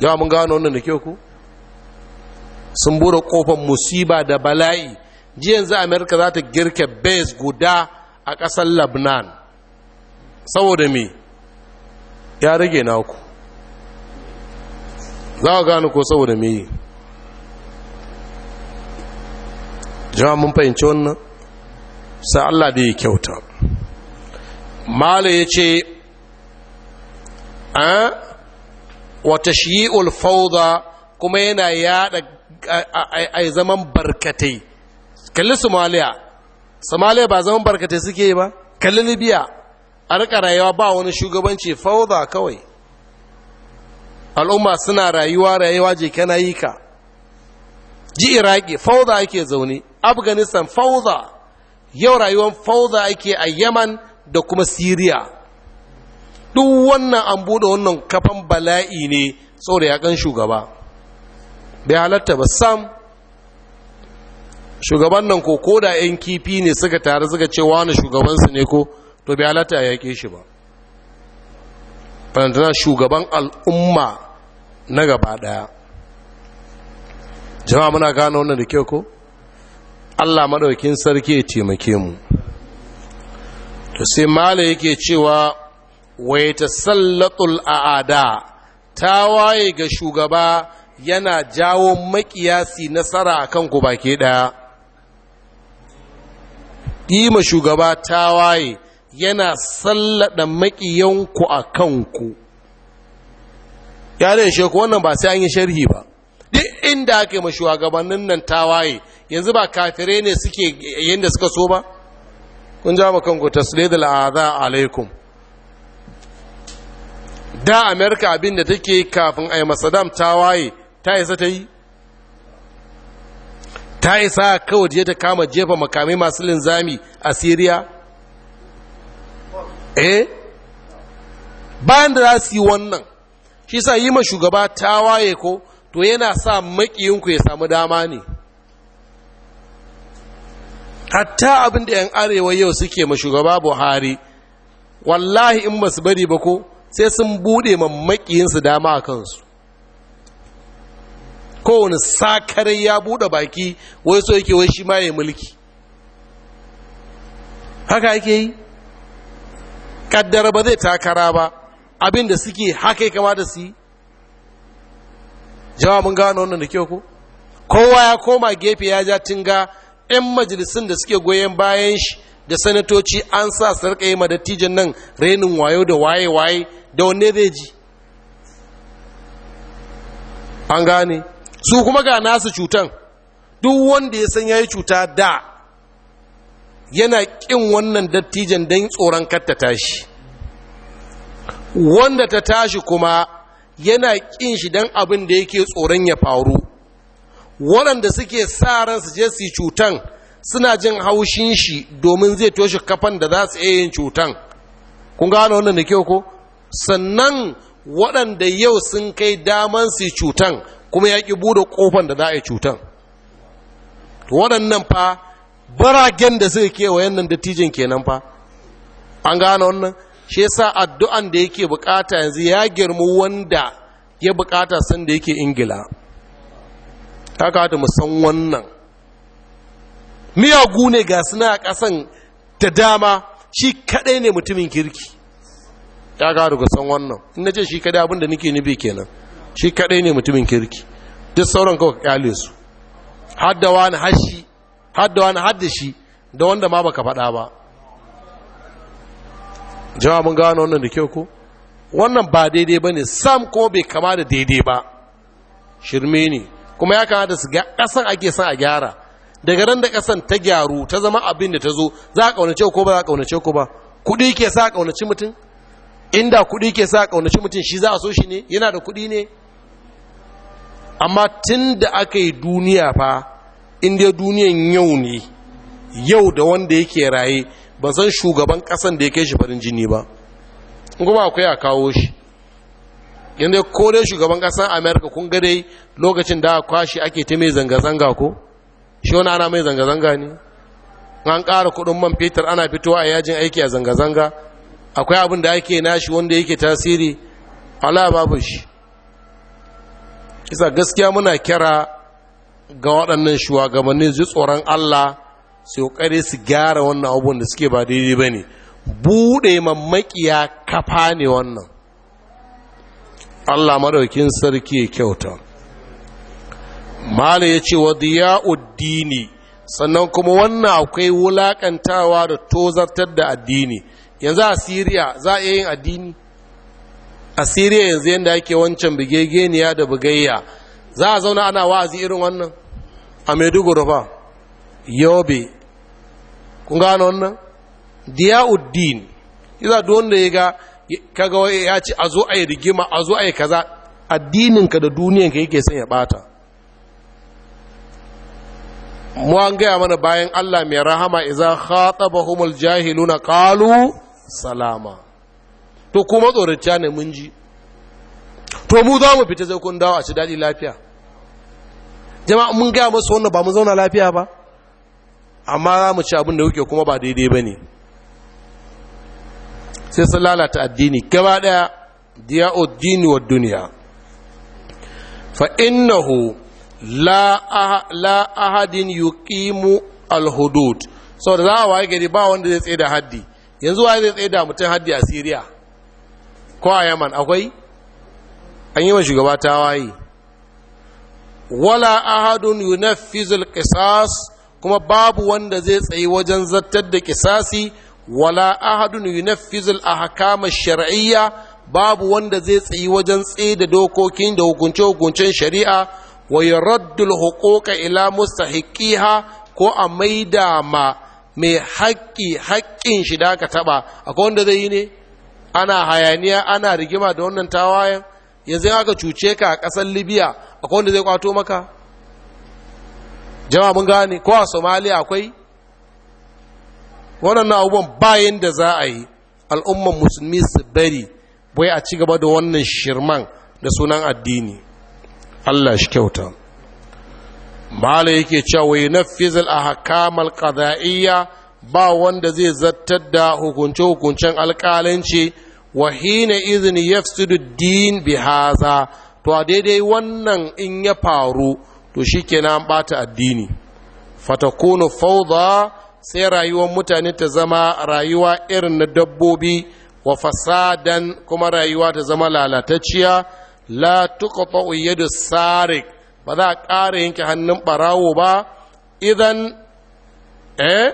yawa mun gano wannan da ke ku sun bura kofar musiba da bala'i ji yanzu amerika za ta girka base guda a ƙasar labnan saboda me ya rage naku za a gano ko saboda me jama mun fahimci wannan sai allah da ya kyauta mala ya ce ah, wata shi'ul fauda kuma yana yada a zaman barkatai kalli somaliya somaliya ba zaman barkatai suke yi ba kalli libya a rika rayuwa ba wani shugabanci fauda kawai al'umma suna rayuwa rayuwa je kana yi ka ji iraki fauda ake zaune afghanistan fauda yau rayuwar fauda ake a yaman da kuma siriya duk wannan an buɗe wannan kafan bala'i ne saboda yakan shugaba bai halatta ba sam shugaban nan ko ko da 'yan kifi ne suka tare suka ce wani shugabansu ne ko to bai halatta ya yaƙe shi ba fahimtana shugaban al'umma na gaba ɗaya jama'a muna gano wannan da kyau ko allah maɗaukin sarki ya taimake mu to sai mala yake cewa wai ta sallatul a'ada ta waye ga shugaba yana jawo makiyasi nasara a kanku baki ɗaya ƙima shugaba ta waye yana sallada makiyanku a kanku ya da shi wannan ba sai an yi sharhi ba duk inda ake ma shugabannin nan tawaye yanzu ba kafirai ne suke yadda suka so ba kun ja kanku taslid al'adha alaikum da amerika abin da take kafin a yi masadam ta waye ta isa ta yi ta isa kawai ta kama jefa makamai masu linzami a syria eh bayan da za su yi wannan shi sa yi ma shugaba ta waye ko to yana sa makiyinku ya samu dama ne hatta abin da 'yan arewa yau suke ma shugaba buhari wallahi in masu bari ba ko sai sun buɗe mamakiyinsu dama a kansu kowane sakarai ya buɗe baki wai so yake wai shi ma ya mulki haka yake yi kaddara ba zai takara ba abin da suke haka kama da su yi jawabin gano wannan da kyau ko kowa ya koma gefe ya ja tinga 'yan majalisun da suke goyon bayan shi da sanatoci an sa su rika yi dattijan nan renin wayo da waye-waye da wanne zai ji an gane su kuma ga nasu cutan duk wanda ya san ya cuta da yana ƙin wannan dattijan don tsoron kar ta tashi wanda ta tashi kuma yana ƙin shi don abin da yake tsoron ya faru waɗanda suke sa ran su je su cutan suna jin haushin shi domin zai toshe kafan da za su iya yin cutan kun gano wannan da kyau ko sannan waɗanda yau sun kai daman su cutan kuma ya ƙi buɗe ƙofan da za a yi cutan waɗannan fa baragen da suka kewayen nan dattijin kenan fa an gano wannan shi sa addu'an da yake bukata yanzu ya girma wanda ya bukata sanda yake ingila ta kawata mu san wannan miyagu ne ga suna a ƙasan da dama shi kaɗai ne mutumin kirki ya gado ga san wannan in na ce shi kaɗai abinda nike nufi kenan shi kaɗai ne mutumin kirki duk sauran kawai kyale su haddawa na hashi haddawa na haddashi da wanda ma baka faɗa ba jawabin mun gano wannan da kyau ko wannan ba daidai ba ne sam ko bai kama da daidai ba shirme ne kuma ya da su ga ake son a gyara daga ran da ƙasan ta gyaru ta zama abin da ta zo za a ƙaunace ko ba za a ƙaunace ko ba kuɗi ke sa a ƙaunaci mutum inda kuɗi ke sa a ƙaunaci mutum shi za a so shi ne yana da kuɗi ne amma tun da aka yi duniya fa inda duniyan yau ne yau da wanda yake raye ba san shugaban ƙasan da ya kai shi farin jini ba kuma akwai a kawo shi yanzu ko dai shugaban ƙasar amerika kun ga dai lokacin da kwashi ake ta mai zanga-zanga ko shi wani ana mai zanga-zanga ne an ƙara kuɗin man fetur ana fitowa a yajin aiki a zanga-zanga akwai abin da ake nashi wanda yake tasiri ala babu shi isa gaskiya muna kira ga waɗannan shugabannin zai tsoron allah su ƙoƙari su gyara wannan abubuwan da suke ba daidai ba ne buɗe ya kafa ne wannan Allah maraukin sarki ya kyauta mala ya ce wa uddini sannan kuma wannan akwai wulakantawa da tozartar da addini yanzu a siriya za a yin addini a siriya yanzu yadda ake wancan bigegeniya da bugayya za a zauna ana wa'azi irin wannan a maiduguri ba yobe kun gano wannan yi za duk wanda ya ga kaga ya ce a zo a yi rigima a zo a yi kaza addininka da duniyanka yake son ya bata mu an gaya mana bayan Allah mai rahama iza khatabahumul jahiluna qalu salama to kuma tsorata ne mun ji to mu za mu fita sai kun dawo a ci daɗi lafiya jama'a mun gaya masu wannan ba mu zauna lafiya ba amma za mu ci abin da kuke kuma ba daidai ba ne sai sun lalata addini gaba daya diya'uddini wa duniya fa innahu la ahadin yuqimu al-hudud da za a waye gari ba wanda zai tsaye da haddi yanzu waye zai tsaye da mutum haddi a Siriya ko a Yaman akwai an yi wa shugaba waye? wala ahadun yunaffizul qisas kuma babu wanda zai tsaye wajen zartar da kisasi wala ahadun yunaffizul a ash-shar'iyya babu wanda zai tsayi wajen tsaye da dokokin da hukunce hukuncen shari'a wa yuraddu al-huquqa ila mustahiqiha ko a maida ma mai haƙƙi haƙƙin shi da aka taba akwai wanda zai yi ne ana hayaniya ana rigima da wannan tawayen yanzu aka cuce ka a ƙasar libya akwai wanda zai kwato maka jama'a mun gane ko a somaliya akwai waɗannan abubuwan bayan da za a yi al'umman musulmi su bari bai a ci gaba da wannan shirman da sunan addini Allah shi kyauta mala yake cewa yi fizil a hakamal ƙada'iyya ba wanda zai zartar da hukunce-hukuncen alƙalanci wa hina izini yafsidu din bi haza to a daidai wannan in ya faru to shi kenan ɓata addini fatakunu fauda sai rayuwar mutane ta zama rayuwa irin na dabbobi wa fasadan kuma rayuwa ta zama lalatacciya la tuqta'u yadu sarik ba za a ƙara yanke hannun ɓarawo ba idan eh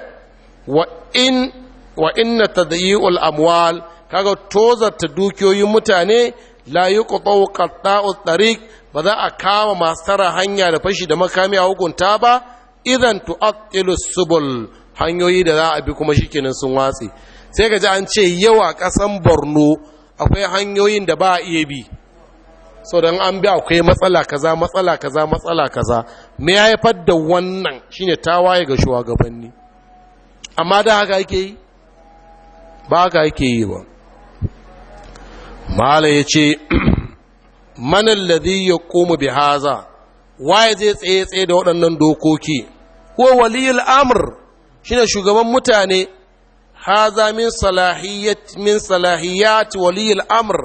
wa in wa inna tadyi'ul amwal kaga tozarta dukiyoyin mutane la yuqta'u qatta'u tariq ba za a kama masu tara hanya da fashi da makami a hukunta ba idan tu'attilu subul hanyoyi da za a bi kuma shikenan sun watse sai ka ji an ce yawa ƙasan borno akwai hanyoyin da ba a iya bi sau don an bi akwai matsala kaza matsala kaza matsala kaza me ya haifar da wannan shine tawaye ga shugabanni amma da haka ake yi ba haka ake yi ba mala ya ce manan ladhi ya koma bi haza waye zai tsaye tsaye da waɗannan dokoki ko waliyul amur shine shugaban mutane haza min salahiyat min salahiyat waliyil amr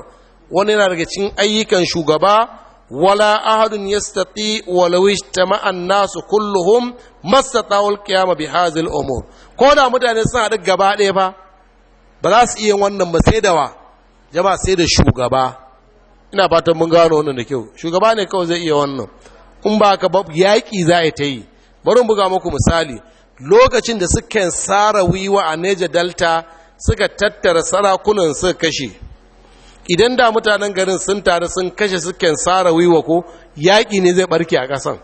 wani na daga cikin ayyukan shugaba wala ahadun yastati walau ijtama'a an-nasu kulluhum mastata'u al-qiyama bi hadhihi al-umur ko da mutane sun da gaba ɗaya ba ba za su iya wannan ba sai da wa jama'a sai da shugaba ina fatan mun gano wannan da kyau shugaba ne kawai zai iya wannan in ba ka yaƙi za ta yi bari mu buga muku misali lokacin da suka sara wiwa a neja delta suka tattara sarakunan sun kashe idan da mutanen garin sun taru sun kashe suka sara wiwa ko yaƙi ne zai barke a ƙasan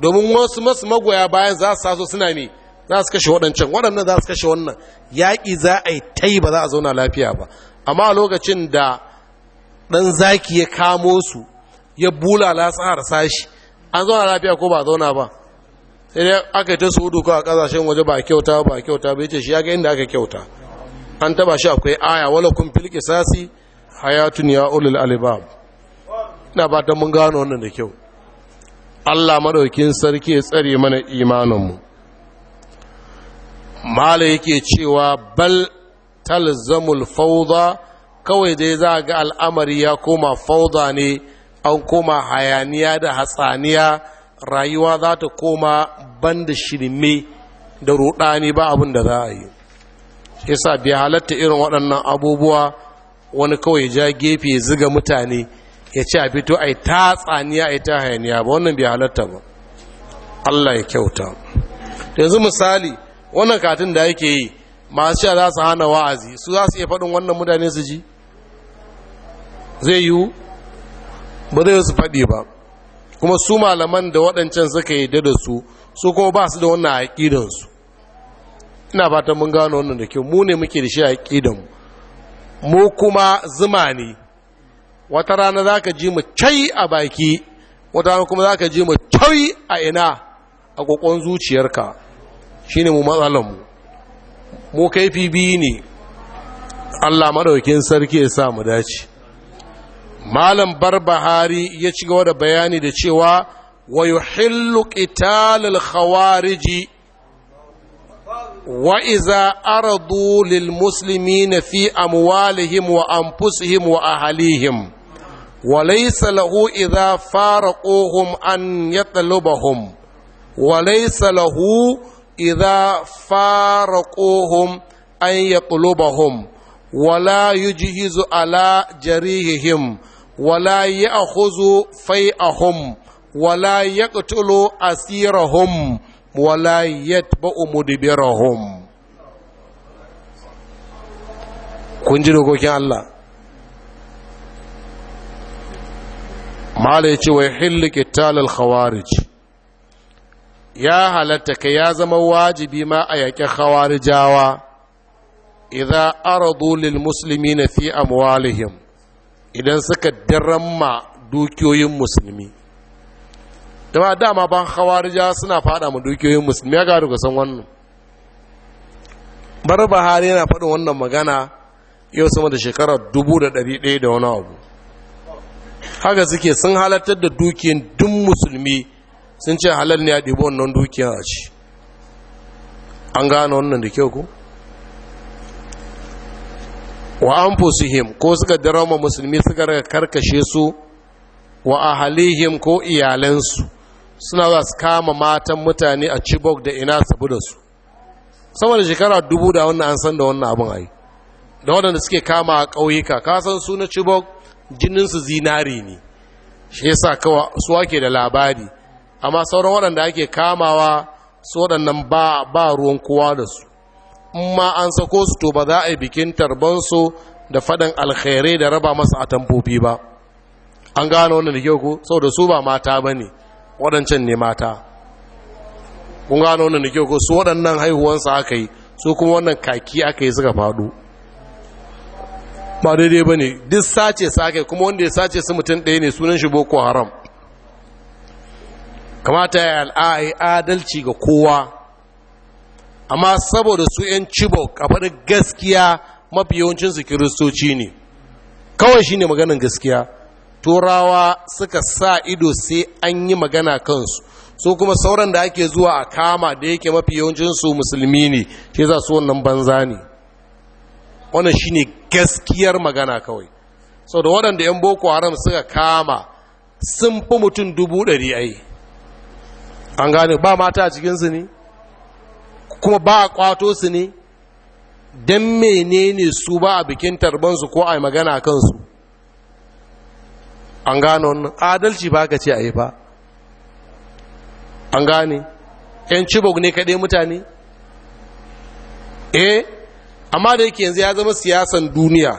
domin wasu masu magoya bayan za su saso suna ne za su kashe waɗancan waɗannan za su kashe wannan yaƙi za a yi ta yi ba za a zauna lafiya ba amma a lokacin da ɗan zaki ya kamo su ya bula su har sashi an zauna lafiya ko ba a zauna ba sai dai aka ta su hudu a kasashen waje ba kyauta ba kyauta ba yace shi ya ga inda aka kyauta an taba shi akwai aya wala kun fil qisasi hayatun ya ulul albab ina ba ta mun gano wannan da kyau Allah madaukin sarki ya tsare mana imanin mu mala yake cewa bal talzamul fawda kawai dai za ga al'amari ya koma fauda ne an koma hayaniya da hatsaniya rayuwa za ta koma ban da shirme da rudani ba abin da za a yi shi sa bi halatta irin waɗannan abubuwa wani kawai ja gefe ziga mutane ya ce a fito a yi ta tsaniya a yi ta hayaniya ba wannan bi halatta ba Allah ya kyauta yanzu misali wannan katin da yake yi masu cewa za su hana wa'azi su za su iya faɗin wannan mutane su ji zai yiwu ba zai su faɗi ba kuma su malaman da waɗancan suka yi da su su kuma ba su da wannan aƙidansu ina fatan mun gano wannan da kyau mu ne muke da shi aƙidanmu mu kuma zuma ne wata rana za ka ji mu cai a baki wata rana kuma za ka ji mu cai a ina a ƙoƙon zuciyarka shi ne mu matsalanmu mu kaifi biyu ne allah maɗaukin sarki ya sa mu dace malam barbahari ya ci gaba da bayani da cewa wa yuhillu qitalul khawariji wa iza aradu lil muslimina fi amwalihim wa anfusihim wa ahlihim wa laysa lahu idza faraquhum an yatlubahum wa laysa lahu idza faraquhum an yatlubahum ولا يجهز على جريههم wala ya'khuzu fai'ahum wala yaqtulu asirahum wala yatba'u mudbirahum kun ji dokokin Allah mala wai hilli qital khawarij ya halatta ka ya zama wajibi ma a yaƙi khawarijawa idza aradu lil na fi amwalihim idan suka ma dukiyoyin musulmi dama dama ban hawarija suna fada ma dukiyoyin musulmi ya gari san wannan bar bahari yana faɗin wannan magana yau sama da shekarar dubu da dari daya da wani abu haka suke sun halartar da dukiyan dun musulmi sun ce halal ne a ɗibo wannan dukiyar a ci an gane wannan da kyau ko wa anfusihim ko suka darama musulmi suka raga karkashe su wa ahalihim ko iyalansu suna za su kama matan mutane a chibok da ina sabu da su sama da shekara dubu da wannan an san da wannan abin ayi da waɗanda suke kama a ƙauyuka kasan su na chibok jininsu zinari ne shi yasa kawa su ake da labari amma sauran waɗanda ake kamawa su waɗannan ba ruwan kowa da su ma an sako su to ba za a yi bikin tarbansu da fadan alkhairai da raba masa a tambobi ba an gano wannan da kyau ko saboda su ba mata ba ne waɗancan ne mata kun gano wannan da kyau ko su waɗannan haihuwansa aka yi su kuma wannan kaki aka yi suka faɗo ba daidai ba ne duk sace su aka yi kuma wanda ya sace su mutum ɗaya ne sunan shi boko haram kamata ya al'ai adalci ga kowa amma saboda su 'yan cibo a gaskiya mafi yawancinsu kiristoci ne kawai shi ne maganin gaskiya turawa suka sa ido sai an yi magana kansu su kuma sauran da ake zuwa a kama da yake mafi yawancinsu musulmi ne shi za su wannan banza ne wannan ne gaskiyar magana kawai sau da waɗanda 'yan boko haram suka kama sun fi mutum dubu ɗari ai an gane ba mata a cikinsu ne kuma ba a kwato su ne don menene su ba a bikin tarbansu ko a magana kansu an gano wannan adalci ba ka ce a yi ba an gane yan cibog ne kaɗe mutane eh amma da yake yanzu ya zama siyasan duniya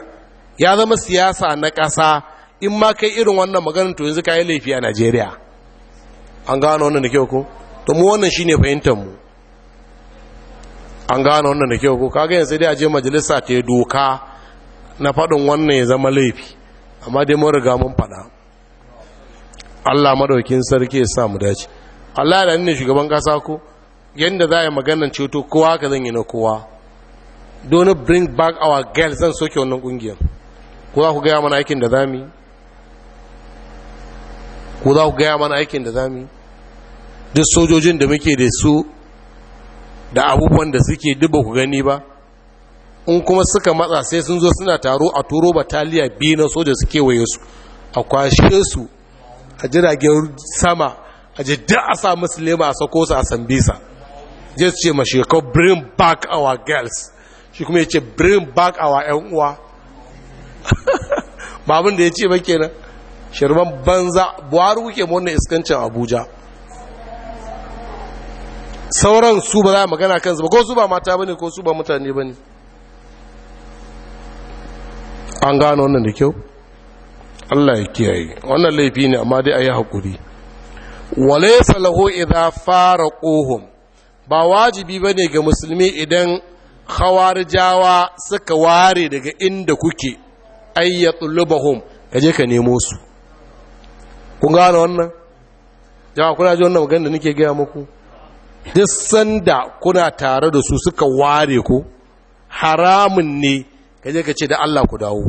ya zama siyasa na ƙasa in ma kai irin wannan maganin to yanzu ka yi laifi a najeriya an gano wannan da kyau ko to mu wannan shine fahimtar mu an gane wannan da kyau ko kaga yanzu dai a je majalisa ta yi doka na faɗin wannan ya zama laifi amma dai mun riga mun faɗa Allah madaukin sarki ya sa mu dace Allah da ne shugaban kasa ko yanda za a yi maganar ceto kowa ka zan yi na kowa don bring back our girls zan soke wannan kungiyar ko za ku gaya mana aikin da za mu yi ko za ku gaya mana aikin da za mu yi duk sojojin da muke da su da abubuwan da suke duba ku gani ba in kuma suka matsa sai sun zo suna taro a turo bataliya biyu na soja suke waye su a kwashe su a jiragen sama a jidda a sa musu a sako su a sambisa je su ce mashekau bring back our girls shi kuma ya ce bring back our yan uwa babin da ya ce ba kenan shirman banza buhari kuke wannan iskancin abuja sauran su ba za a magana kansu ba ko su ba mata ne, ko su ba mutane ne. an gano wannan da kyau Allah ya kiyaye wannan laifi ne amma dai a yi haƙuri wale walaysa idan fara faraquhum ba wajibi bane ga musulmi idan hawarjawa suka ware daga inda kuke lubahum. kaje ka nemo su kun gano wannan jama'a kuna ji wannan magana da nake gaya muku duk sanda kuna tare da su suka ware ku haramun ne kaje ka ce da Allah ku dawo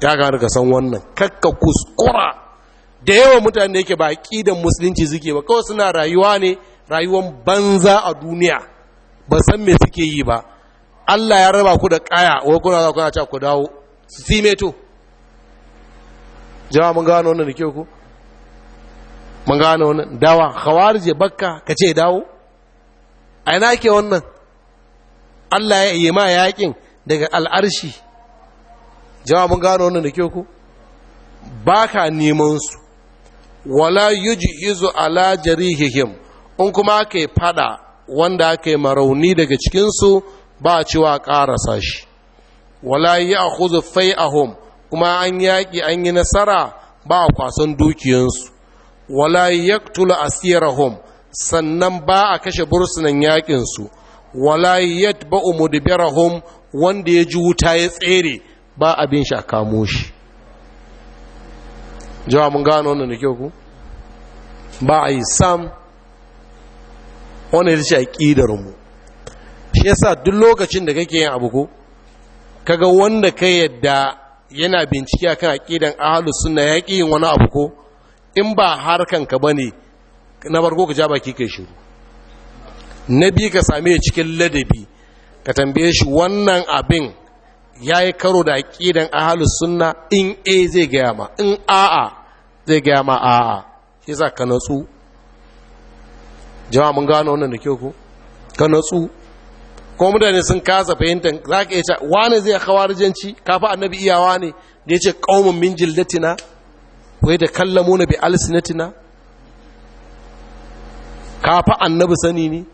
ya gani ka san wannan kakka kuskura da yawa mutane yake ba aqidan musulunci suke ba kawai suna rayuwa ne rayuwan banza a duniya ba san me suke yi ba Allah ya raba ku da kaya wa kuna za ku na ku dawo su simeto jama'a mun gano wannan da ke ku mun gane wannan dawa khawarij je bakka ka dawo a ina ke wannan Allah ya yi ma yakin daga al'arshi jawa mun gane wannan da ke ku ba ka neman su wala yuj'izu ala jarihihim in kuma ka yi fada wanda ka yi marauni daga cikinsu ba cewa ƙarasa shi wala yi a fai ahom kuma an yaƙi an yi nasara ba kwasan dukiyansu wala yaktula asirahum sannan ba a kashe bursunan yakin su wala yatba'u mudbirahum wanda ya ji wuta ya tsere ba abin shi a kamo shi jawa mun gano wannan ne kyau ku ba a yi sam wannan shi a aqidar mu shi yasa duk lokacin da kake yin abu ko kaga wanda ka yadda yana bincike akan aqidan ahlus sunna yaqi yin wani abu ko in ba harkanka ba ne na bargo ka ja baki kai shiru na biyu ka same cikin ladabi ka tambaye shi wannan abin ya yi karo da aƙidan ahalus sunna in a zai gaya ma in a'a zai gaya ma a'a shi za ka natsu jama'a mun gano wannan da kyau ko ka natsu ko mutane sun kasa fahimtar za ka iya wani zai kawarjanci kafa annabi iyawa ne da ya ce ƙaumin min jillatina wai da kallamo na bi alisinatina kafa annabi sani ne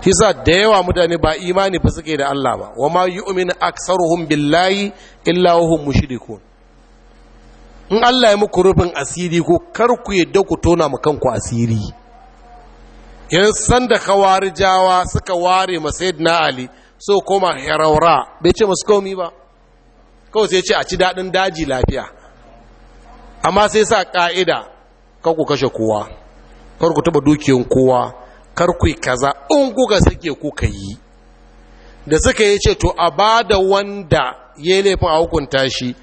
hisa da yawa mutane ba imani ba suke da Allah ba wa ma yu'minu aktsaruhum billahi illa mushiriku in Allah ya muku rufin asiri ko kar ku yadda ku tona mu kanku asiri yan san da jawa suka ware masai sayyidina ali so koma herawara bai ce masu komi ba kawai sai ce a ci daɗin daji lafiya amma sai sa ƙa'ida kar ku kashe kowa kar ku taɓa dukiyan kowa kar ku kaza in kuka sake kuka yi da suka yi ce to a ba da wanda ya yi laifin a hukunta shi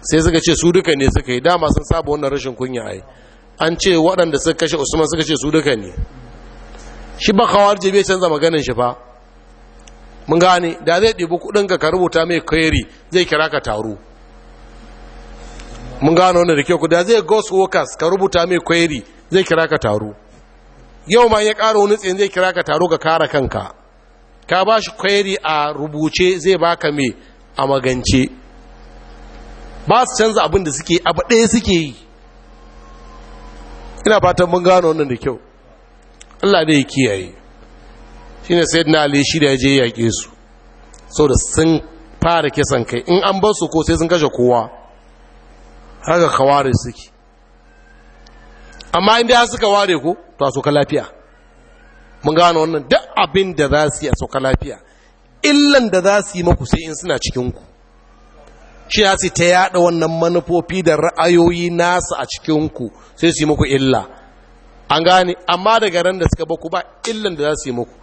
sai suka ce su duka ne suka yi dama sun saba wannan rashin kunya ai an ce waɗanda suka kashe usman suka ce su duka ne shi ba kawar jebe canza maganin shi fa mun gane da zai ɗibi kuɗin ka rubuta mai kweri zai kira ka taro mun gano wanda da kyau ku da zai ghost workers ka rubuta mai query zai kira ka taro yau ma ya ƙara wani tsayin zai kira ka taro ka kara kanka ka ba shi query a rubuce zai baka mai a magance ba su canza abin da suke abu ɗaya suke yi ina fatan mun gano wannan da kyau Allah dai ya kiyaye Shi shine na Ali shi da ya je yaƙe su da sun fara kisan kai in an bar su ko sai sun kashe kowa haka ka ware suke amma inda ya suka ware ku to a soka lafiya mun gano wannan duk abin da za su yi a soka lafiya illan da za su yi maku sai in suna cikinku shi ya ce ta yada wannan manufofi da ra'ayoyi nasu a cikinku sai su yi maku illa an gane amma daga ran da suka baku ba illan da za su yi maku,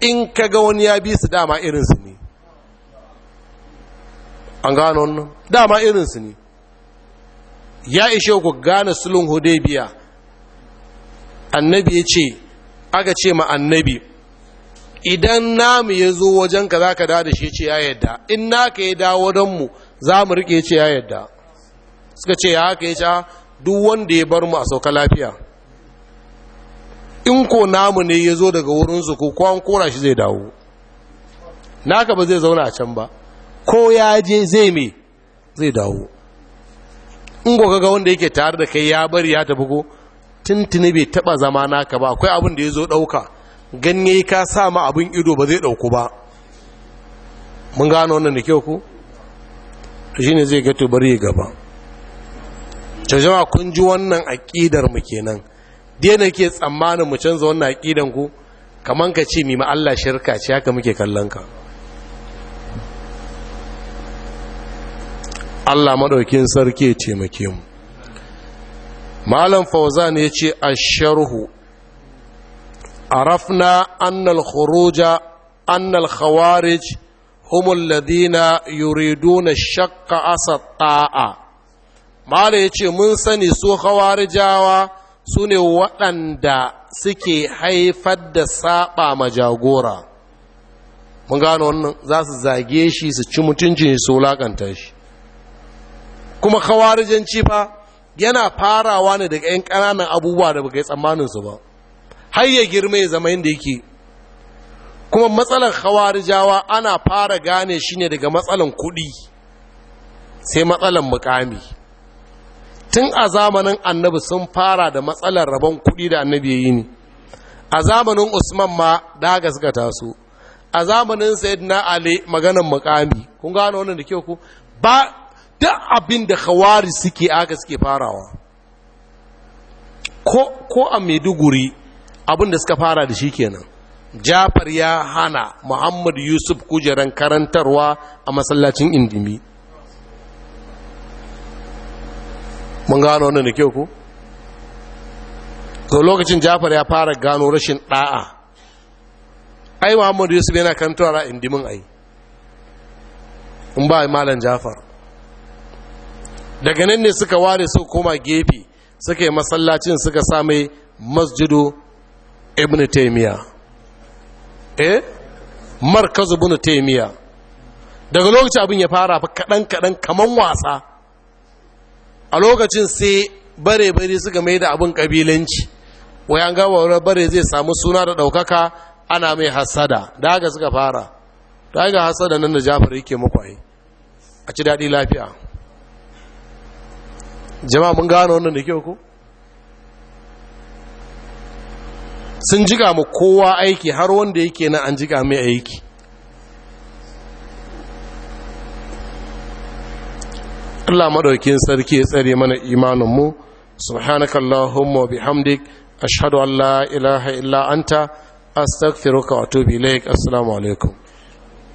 in ka ga wani ya bi su dama irinsu ne an gano wannan dama irinsu ne ya ishe ku gane sulhun hudaybiya annabi ya ce aka ce ma annabi idan namu ya zo wajen za ka da da shi ce ya yadda in naka ya dawo don za mu rike ce ya yadda suka ce ya haka ya ca duk wanda ya bar mu a sauka lafiya in ko namu ne ya zo daga wurin ko kwan kora shi zai dawo naka ba zai zauna a can ba ko ya je zai me zai dawo in ko kaga wanda yake tare da kai ya bari ya tafi ko tuntuni bai taba zama naka ba akwai abin da ya zo ɗauka ganye ka sa ma abin ido ba zai ɗauku ba mun gano wannan da kyau ku shi ne zai gato bari gaba jama'a kun ji wannan aƙidar mu kenan dai na ke tsammanin mu canza wannan aƙidan ku kaman ka ce mima Allah shirka ce haka muke kallon ka Allah maɗaukin sarki ya taimake mu malam fauzan ya ce a sharhu arafna annal khuruja annal khawarij هم Asat ta'a. Malam ya ce mun sani su Khawarijawa su waɗanda suke suke haifar saɓa ma jagora mun gano wannan za su zage shi su ci mutuncin su wulaƙanta shi kuma khawarijanci fa yana farawa ne daga 'yan ƙananan abubuwa da baka tsammanin su ba har ya girma ya zama inda yake kuma matsalar khawarijawa ana fara gane shi ne daga matsalan kuɗi sai matsalar mukami tun a zamanin annabi sun fara da matsalar rabon kuɗi da annabi ya yi ne a zamanin usman ma daga suka taso a zamanin sayyidina ali maganan mukami kun gano wannan da kyau ku ba duk abin da khawari suke aka suke farawa ko a maiduguri abin da suka fara da shi kenan jafar ya hana muhammad yusuf kujeran karantarwa a masallacin indimi mun gano wannan da kyau ko? to lokacin jafar ya fara gano rashin ɗa'a. ai muhammad yusuf yana karantarwa a indimin ai in ba malam jafar daga nan ne suka ware su koma gefe suka yi masallacin suka sa masjido? masjidu ibn taimiyya eh markazu ibn taimiyya daga lokacin abin ya fara fa kaɗan kaɗan kaman wasa a lokacin sai bare bare suka mai da abin kabilanci wai an gawa bare zai samu suna da ɗaukaka ana mai hasada da haka suka fara ta haka hasada nan da Jafari ke makwai a ci daɗi lafiya jama'a mun gano wannan da kyau ko sun jiga mu kowa aiki har wanda yake na an jiga mai aiki Allah madaukin sarki ya tsare mana imanin mu subhanakallahumma bihamdik ashhadu an la ilaha illa anta astaghfiruka wa atubu ilaik assalamu alaikum